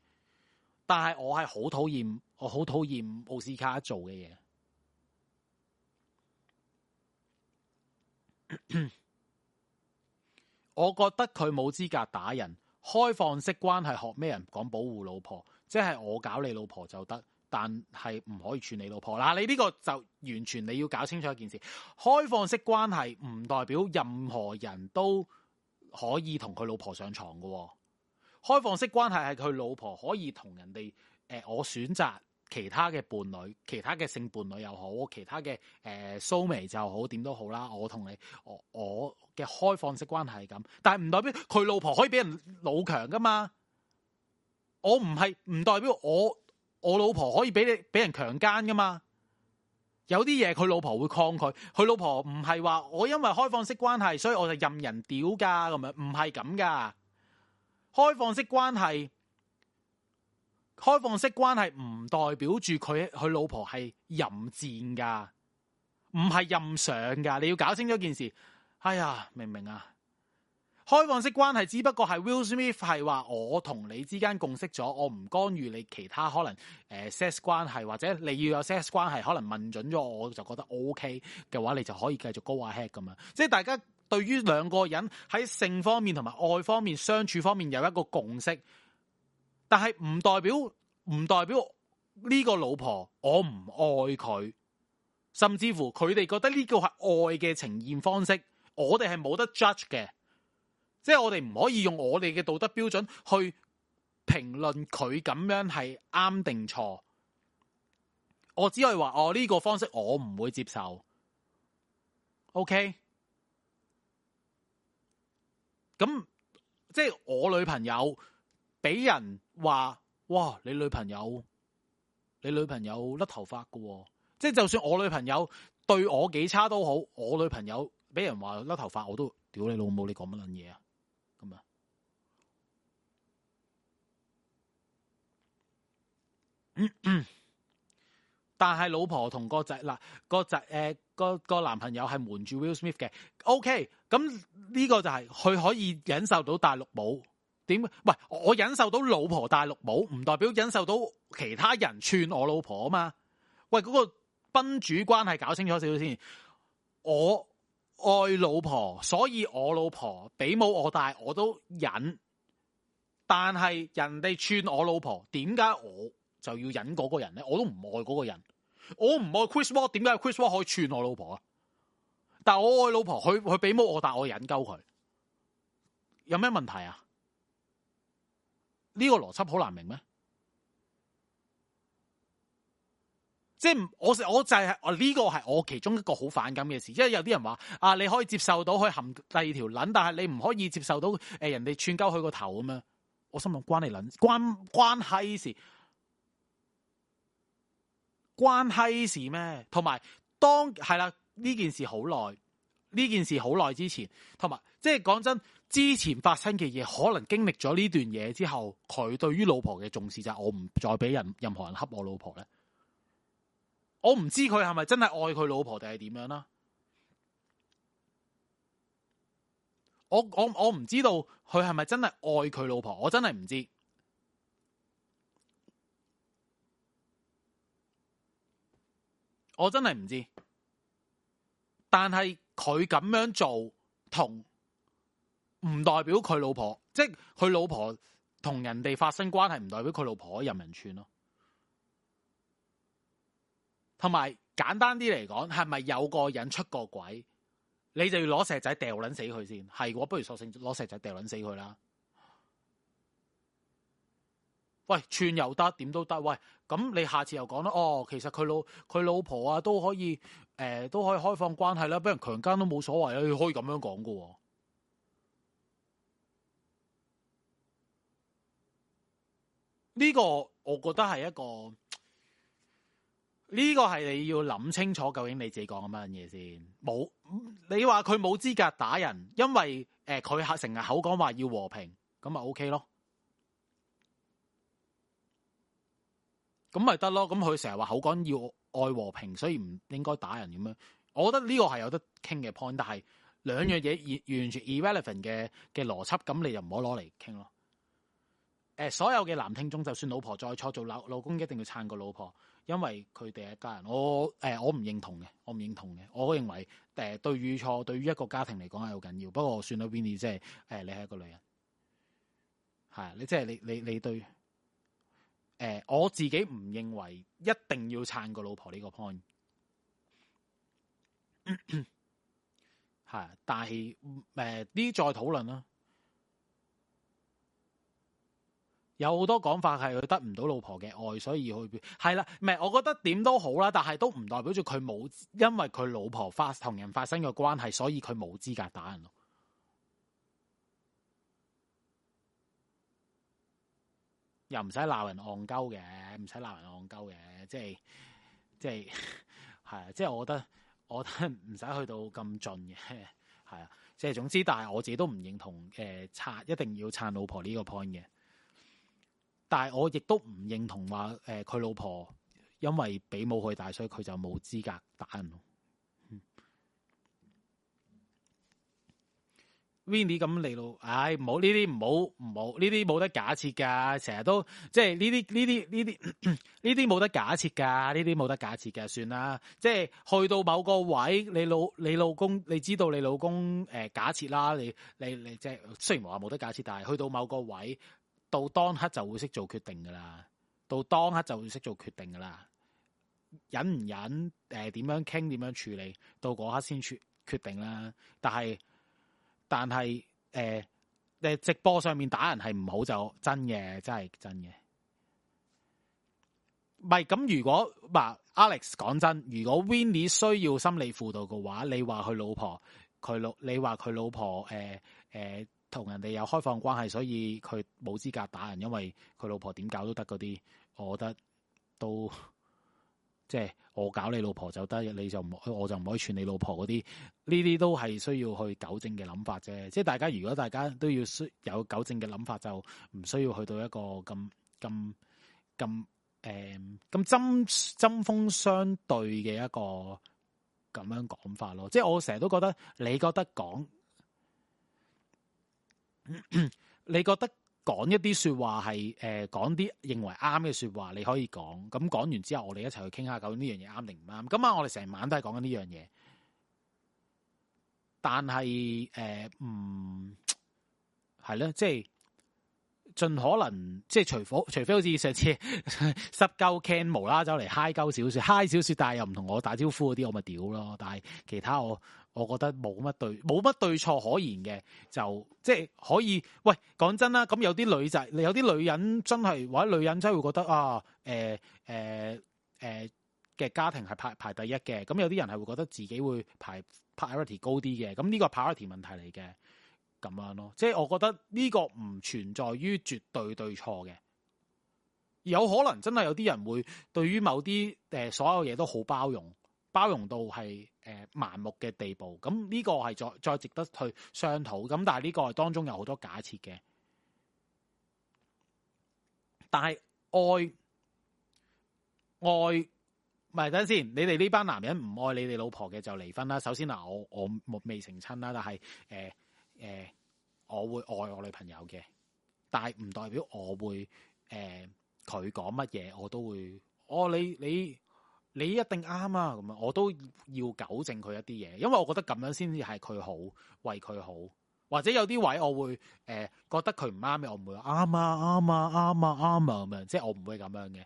S1: 但係我係好討厭，我好討厭奧斯卡做嘅嘢。 我覺得佢冇資格打人。開放式關係學咩人講保護老婆，即係我搞你老婆就得，但係唔可以串你老婆。嗱，你呢個就完全你要搞清楚一件事：開放式關係唔代表任何人都。可以同佢老婆上床噶、哦，開放式關係係佢老婆可以同人哋誒、呃，我選擇其他嘅伴侶，其他嘅性伴侶又好，其他嘅誒，騷、呃、眉就好，點都好啦。我同你，我我嘅開放式關係係咁，但係唔代表佢老婆可以俾人老強噶嘛。我唔係唔代表我我老婆可以俾你俾人強奸噶嘛。有啲嘢佢老婆會抗拒，佢老婆唔係話我因為開放式關係所以我就任人屌噶咁樣，唔係咁噶。開放式關係，開放式關係唔代表住佢佢老婆係淫賤噶，唔係任上噶。你要搞清楚件事。哎呀，明唔明啊？開放式關係只不過係 Will Smith 係話我同你之間共識咗，我唔干預你其他可能誒 sex 關係或者你要有 sex 關係，可能問准咗我就覺得 OK 嘅話，你就可以繼續 go ahead 咁樣，即係大家對於兩個人喺性方面同埋愛方面相處方面有一個共識，但係唔代表唔代表呢個老婆我唔愛佢，甚至乎佢哋覺得呢個係愛嘅呈現方式，我哋係冇得 judge 嘅。即係我哋唔可以用我哋嘅道德標準去評論佢咁樣係啱定錯，我只可以話哦，呢個方式我唔會接受。OK，咁即係我女朋友俾人話哇，你女朋友，你女朋友甩頭髮㗎喎。」即係就算我女朋友對我幾差都好，我女朋友俾人話甩頭髮，我都屌你老母你講乜撚嘢啊！嗯，嗯，但係老婆同個仔嗱個仔誒個個男朋友係瞞住 Will Smith 嘅，OK，咁呢個就係、是、佢可以忍受到戴綠帽點？喂，我忍受到老婆戴綠帽，唔代表忍受到其他人串我老婆啊嘛？喂，嗰、那個賓主關係搞清楚少少先，我愛老婆，所以我老婆俾帽我戴我都忍，但係人哋串我老婆，點解我？就要引嗰個人咧，我都唔愛嗰個人，我唔愛 Chris Wall，點解 Chris Wall 可以串我老婆啊？但係我愛老婆，佢佢俾冇我，但我我引鳩佢，有咩問題啊？呢、這個邏輯好難明咩？即、就、係、是、我我就係、是、啊，呢、這個係我其中一個好反感嘅事，因為有啲人話啊，你可以接受到佢含第二條撚，但係你唔可以接受到、呃、人哋串鳩佢個頭咁樣。我心諗關你撚關關係事。關係事咩？同埋當係啦，呢件事好耐，呢件事好耐之前，同埋即係講真，之前發生嘅嘢，可能經歷咗呢段嘢之後，佢對於老婆嘅重視就係我唔再俾人任何人恰我老婆咧。我唔知佢係咪真係愛佢老婆定係點樣啦。我我我唔知道佢係咪真係愛佢老婆，我真係唔知。我真係唔知，但係佢咁樣做同唔代表佢老婆，即係佢老婆同人哋發生關係唔代表佢老婆任人串咯。同埋簡單啲嚟講，係咪有個人出過軌，你就要攞石仔掟撚死佢先？係，我不如索性攞石仔掟撚死佢啦。喂，串又得，點都得。喂，咁你下次又講啦？哦，其實佢老佢老婆啊，都可以誒、呃，都可以開放關係啦，俾人強奸都冇所謂啊，你可以咁樣講噶、哦？呢、這個我覺得係一個呢、這個係你要諗清楚，究竟你自己講緊乜嘢先？冇你話佢冇資格打人，因為誒佢成日口講話要和平，咁咪 OK 咯。咁咪得咯，咁佢成日話口講要愛和平，所以唔應該打人咁樣。我覺得呢個係有得傾嘅 point，但係兩樣嘢完全 irrelevant 嘅嘅邏輯，咁你就唔好攞嚟傾咯。所有嘅男聽眾，就算老婆再錯，做老老公一定要撐個老婆，因為佢哋一家人。我誒、呃，我唔認同嘅，我唔認同嘅。我認為、呃、對與錯對於一個家庭嚟講係好緊要。不過我算到 b e n n 即係你係一個女人，你即、就、係、是、你你你對。誒、呃，我自己唔認為一定要撐個老婆呢個 point 係， 但係誒啲再討論啦。有好多講法係佢得唔到老婆嘅愛，所以去係啦。唔係，我覺得點都好啦，但係都唔代表住佢冇因為佢老婆發同人發生嘅關係，所以佢冇資格打人咯。又唔使鬧人戇鳩嘅，唔使鬧人戇鳩嘅，即係即係係啊！即係我覺得我覺得唔使去到咁盡嘅，係啊！即係總之，但係我自己都唔認同誒撐、呃、一定要撐老婆呢個 point 嘅。但係我亦都唔認同話誒佢老婆因為比冇佢大，所以佢就冇資格打人。嗯。Vinnie 咁嚟到，唉、哎，唔好呢啲，唔好唔好呢啲，冇得假設㗎。成日都即係呢啲呢啲呢啲呢啲冇得假設㗎，呢啲冇得假設㗎。算啦。即係去到某個位，你老你老公，你知道你老公誒、呃，假設啦，你你你，你即係雖然話冇得假設，但係去到某個位，到當刻就會識做決定㗎啦，到當刻就會識做決定㗎啦。忍唔忍？誒、呃，點樣傾？點樣處理？到嗰刻先決決定啦。但係。但係誒誒，直播上面打人係唔好就真嘅，真係真嘅。唔係咁，如果 Alex 講真，如果 Winnie 需要心理輔導嘅話，你話佢老婆佢老，你話佢老婆誒誒同人哋有開放關係，所以佢冇資格打人，因為佢老婆點搞都得嗰啲，我覺得都。即係我搞你老婆就得，你就唔，我就唔可以串你老婆啲，呢啲都係需要去糾正嘅諗法啫。即係大家如果大家都要有糾正嘅諗法，就唔需要去到一個咁咁咁誒咁針針鋒相對嘅一個咁樣講法咯。即係我成日都覺得，你覺得講， 你覺得。講一啲說話係誒講啲認為啱嘅說話，你可以講。咁講完之後，我哋一齊去傾下，究竟呢樣嘢啱定唔啱？今晚我哋成晚都係講緊呢樣嘢，但係誒唔係啦，即係盡可能，即係除非除非好似上次濕鳩 can 無啦走嚟 high 鳩小雪 high 小雪，但係又唔同我打招呼嗰啲，我咪屌咯。但係其他我。我覺得冇乜對冇乜對錯可言嘅，就即係可以。喂講真啦，咁有啲女仔，你有啲女人真係或者女人真係會覺得啊，誒誒誒嘅家庭係排排第一嘅，咁有啲人係會覺得自己會排 priority 高啲嘅，咁呢個 priority 問題嚟嘅，咁樣咯，即係我覺得呢個唔存在於絕對對錯嘅，有可能真係有啲人會對於某啲誒所有嘢都好包容，包容到係。誒，盲目嘅地步，咁呢個係再再值得去商討，咁但係呢個係當中有好多假設嘅，但係愛愛，唔係等先，你哋呢班男人唔愛你哋老婆嘅就離婚啦。首先嗱，我我未成親啦，但係誒誒，我會愛我女朋友嘅，但係唔代表我會誒佢講乜嘢我都會，哦，你你。你一定啱啊！咁樣我都要糾正佢一啲嘢，因為我覺得咁樣先至係佢好，為佢好。或者有啲位我會誒、呃、覺得佢唔啱嘅，我唔會啱啊啱啊啱啊啱啊咁樣，即係我唔會咁樣嘅。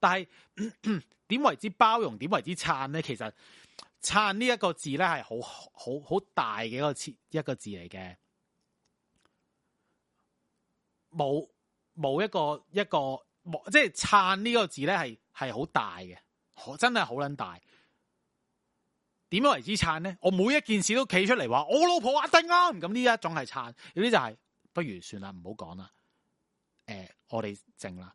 S1: 但係點為之包容？點為之撐咧？其實撐呢一,一個字咧係好好好大嘅一個詞一個字嚟嘅。冇冇一個一個即係撐呢個字咧係係好大嘅。真係好撚大，點樣為之撐咧？我每一件事都企出嚟話我老婆一，啊、定啱，啊，咁呢一種係撐。有啲就係、是，不如算啦，唔好講啦。誒、欸，我哋靜啦。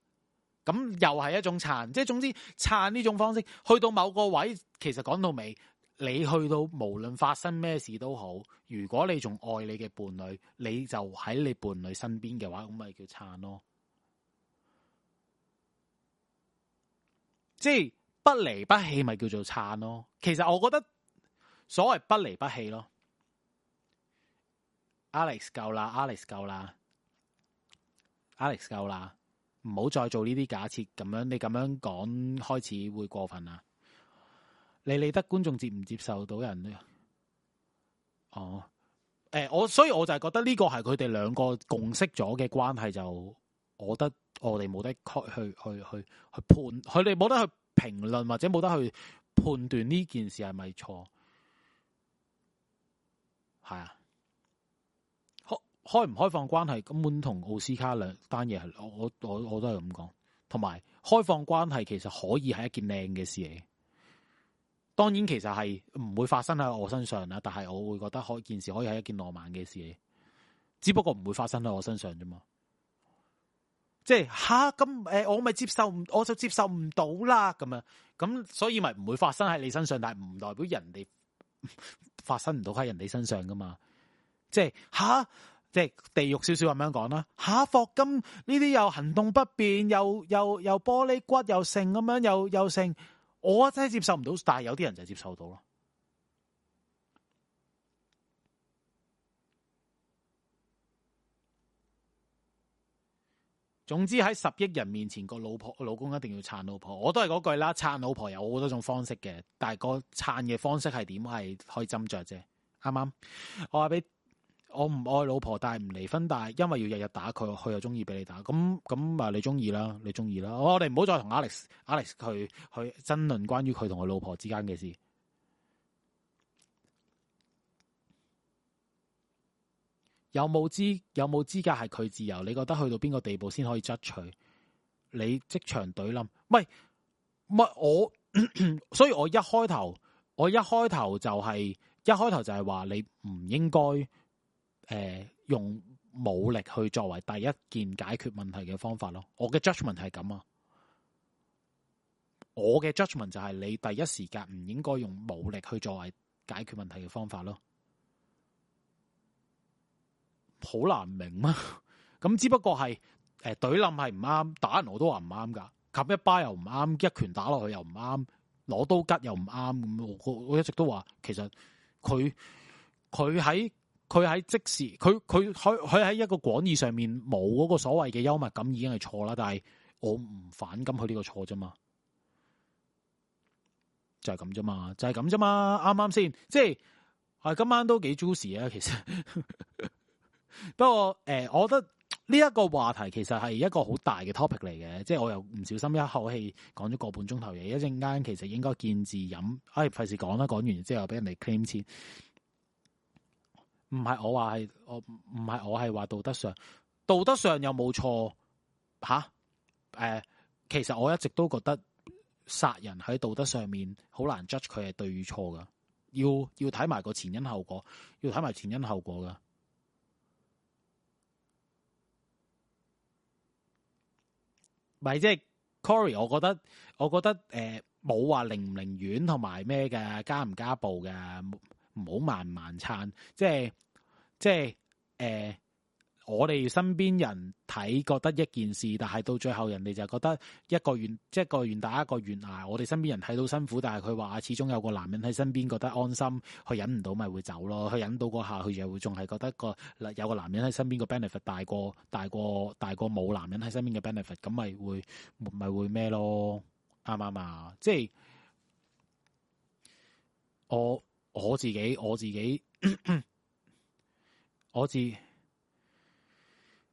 S1: 咁又係一種撐，即係總之撐呢種方式去到某個位。其實講到尾，你去到無論發生咩事都好，如果你仲愛你嘅伴侶，你就喺你伴侶身邊嘅話，咁咪叫撐咯。即係。不離不棄咪叫做撐咯，其實我覺得所謂不離不棄咯，Alex 夠啦，Alex 夠啦，Alex 夠啦，唔好再做呢啲假設，咁樣你咁樣講開始會過分啦、啊，你理得觀眾接唔接受到人咧？哦，誒，我所以我就係覺得呢個係佢哋兩個共識咗嘅關係就，就我得我哋冇得去去去去，去判，佢哋冇得去。評論或者冇得去判斷呢件事係咪錯？係啊，開開唔開放關係根本同奧斯卡兩單嘢，係我我我都係咁講，同埋開放關係其實可以係一件靚嘅事嚟，當然其實係唔會發生喺我身上啦，但係我會覺得呢件事可以係一件浪漫嘅事，只不過唔會發生喺我身上啫嘛。即係吓咁誒，我咪接受唔，我就接受唔到啦。咁啊，咁所以咪唔會發生喺你身上，但係唔代表人哋發生唔到喺人哋身上噶嘛。即係吓、啊，即係地獄少少咁樣講啦。吓、啊、霍金呢啲又行動不便，又又又玻璃骨，又剩咁樣，又又剩，我真係接受唔到，但係有啲人就接受到咯。總之喺，十億人面前，個老婆老公一定要撐老婆。我都係嗰句啦，撐老婆有好多種方式嘅，但係個撐嘅方式係點係可以斟酌啫。啱啱？我話俾我唔愛老婆，但係唔離婚，但係因為要日日打佢，佢又中意俾你打。咁咁啊，你中意啦，你中意啦。我哋唔好再同 Alex Alex 佢去爭論關於佢同佢老婆之間嘅事。有冇資有冇資格係佢自由？你覺得去到邊個地步先可以執取？你即場隊冧？唔係，唔係我， 所以我一開頭，我一開頭就係、是、一開頭就係話你唔應該誒、呃、用武力去作為第一件解決問題嘅方法咯。我嘅 judgment 係咁啊，我嘅 judgment 就係你第一時間唔應該用武力去作為解決問題嘅方法咯。好難明嘛，咁只不過係誒，隊冧係唔啱，打人我都話唔啱噶，及一巴又唔啱，一拳打落去又唔啱，攞刀吉又唔啱咁。我一直都話其實佢佢喺佢喺即時佢佢佢佢喺一個廣義上面冇嗰個所謂嘅幽默感，已經係錯啦。但係我唔反感佢呢個錯啫嘛，就係咁啫嘛，就係咁啫嘛。啱啱先即係，啊今晚都幾 juicy 啊，其實。 不過誒，我覺得呢一個話題其實係一個好大嘅 topic 嚟嘅，即係我又唔小心一口氣講咗個半鐘頭嘢，一陣間其實應該見字飲，唉，費事講啦，講完之後俾人哋 claim 錢，唔係我話係我唔係我係話道德上道德上有冇錯吓？誒，其實我一直都覺得殺人喺道德上面好難 judge 佢係對與錯噶，要要睇埋個前因後果，要睇埋前因後果噶。咪即係 Cory，我覺得我覺得誒冇話寧唔寧願同埋咩嘅，加唔加步嘅，唔好慢慢撐，即係即係誒。就是呃我哋身邊人睇覺得一件事，但係到最後人哋就覺得一個願，即係一個願打一個願捱。我哋身邊人睇到辛苦，但係佢話始終有個男人喺身邊覺得安心，佢忍唔到咪會走咯。佢忍到嗰下，佢又會仲係覺得個有個男人喺身邊嘅 benefit 大過大過大過冇男人喺身邊嘅 benefit，咁咪會咪會咩咯？啱啱啊？即係我我自己我自己咳咳我自。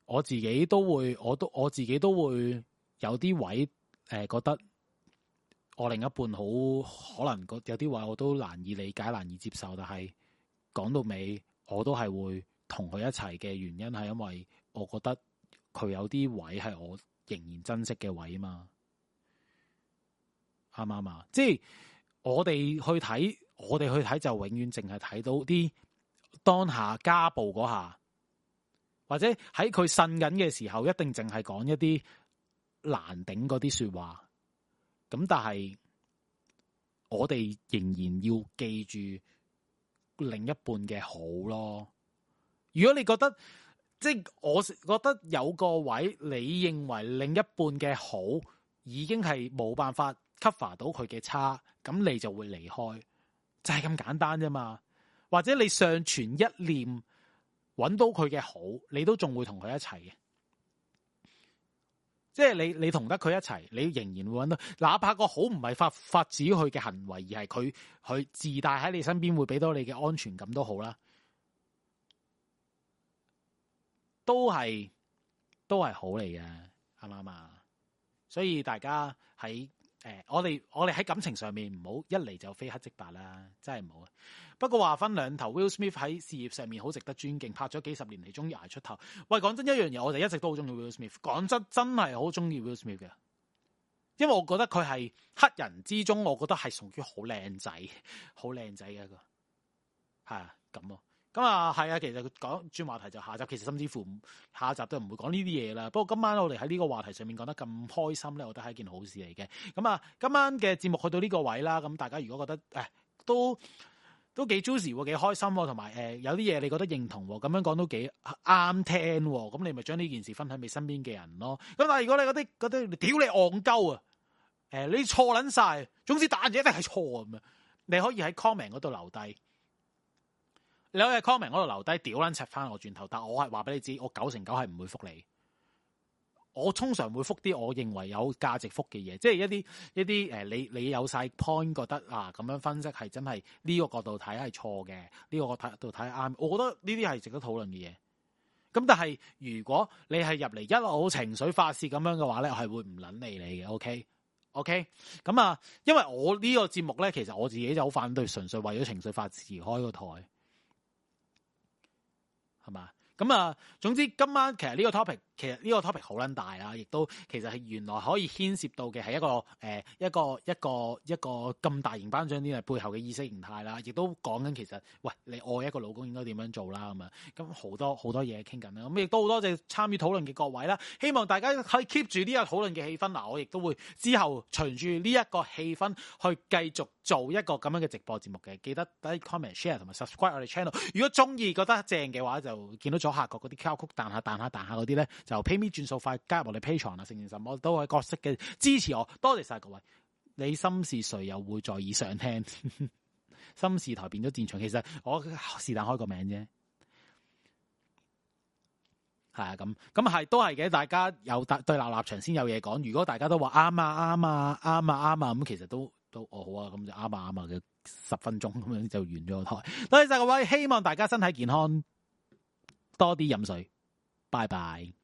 S1: 我自己都會，我都我自己都會有啲位，誒、呃、覺得我另一半好可能，有啲位我都難以理解、難以接受，但係講到尾，我都係會同佢一齊嘅原因係因為我覺得佢有啲位係我仍然珍惜嘅位啊嘛，啱唔啱啊？即係我哋去睇，我哋去睇就永遠淨係睇到啲當下家暴嗰下。或者喺佢呻緊嘅時候，一定淨係講一啲難頂嗰啲說話。咁但係我哋仍然要記住另一半嘅好咯。如果你覺得即係，我覺得有個位，你認為另一半嘅好已經係冇辦法 cover 到佢嘅差，咁你就會離開，就係、是、咁簡單啫嘛。或者你尚存一念。揾到佢嘅好，你都仲會同佢一齊嘅，即係你你同得佢一齊，你仍然會揾到，哪怕個好唔係發發自於佢嘅行為，而係佢佢自帶喺你身邊會俾到你嘅安全感都好啦，都係都係好嚟嘅，啱唔啱啊？所以大家喺。誒、呃，我哋我哋喺感情上面唔好一嚟就非黑即白啦，真係唔好啊。不過話分兩頭，Will Smith 喺事業上面好值得尊敬，拍咗幾十年嚟終於挨出頭。喂，講真一樣嘢，我哋一直都好中意 Will Smith，講真真係好中意 Will Smith 嘅，因為我覺得佢係黑人之中，我覺得係屬於好靚仔，好靚仔嘅一個，係啊咁啊。咁啊，係啊，其實講轉話題就下集，其實甚至乎下集都唔會講呢啲嘢啦。不過今晚我哋喺呢個話題上面講得咁開心咧，我覺得係一件好事嚟嘅。咁啊，今晚嘅節目去到呢個位啦。咁大家如果覺得誒都都幾 juicy，幾開心，同埋誒有啲嘢、呃、你覺得認同，咁樣講都幾啱聽。咁你咪將呢件事分享俾身邊嘅人咯。咁但係如果你嗰啲嗰啲屌你戇鳩啊，誒你錯捻晒，總之打住一定係錯，咁啊，你可以喺 comment 嗰度留低。你喺 comment 嗰度留低屌撚柒返我轉頭，但我係話俾你知，我九成九係唔會覆你。我通常會覆啲我認為有價值覆嘅嘢，即係一啲一啲誒、呃，你你有晒 point 覺得啊，咁樣分析係真係呢個角度睇係錯嘅，呢個角度睇啱。我覺得呢啲係值得討論嘅嘢。咁但係如果你係入嚟一路情緒發泄咁樣嘅話咧，係會唔捻理你嘅。OK OK 咁啊，因為我呢個節目咧，其實我自己就好反對純粹為咗情緒發泄而開個台。係嘛？咁啊，總之今晚其實呢個 topic，其實呢個 topic 好撚大啦，亦都其實係原來可以牽涉到嘅係一個誒、呃、一個一個一個咁大型頒獎典禮背後嘅意識形態啦，亦都講緊其實喂，你愛一個老公應該點樣做啦咁啊，咁好多好多嘢傾緊啦，咁亦都好多謝參與討論嘅各位啦，希望大家可以 keep 住呢個討論嘅氣氛，嗱我亦都會之後隨住呢一個氣氛去繼續。做一個咁樣嘅直播節目嘅，記得喺 comment share 同埋 subscribe 我哋 channel。如果鍾意覺得正嘅話，就見到左下角嗰啲敲曲彈下彈下彈下嗰啲咧，就 PayMe 轉數快加入我哋 Patreon 啊，成件什麼都係角色嘅支持我，多謝晒各位。你心事誰又會在耳上聽呵呵？心事台變咗戰場，其實我是但開個名啫。係啊，咁咁係都係嘅。大家有特對立立場先有嘢講。如果大家都話啱啊啱啊啱啊啱啊，咁、啊啊啊啊、其實都～哦好啊，咁就啱啊啱啊嘅，十分鐘咁樣就完咗個台。多謝晒各位，希望大家身體健康，多啲飲水。拜拜。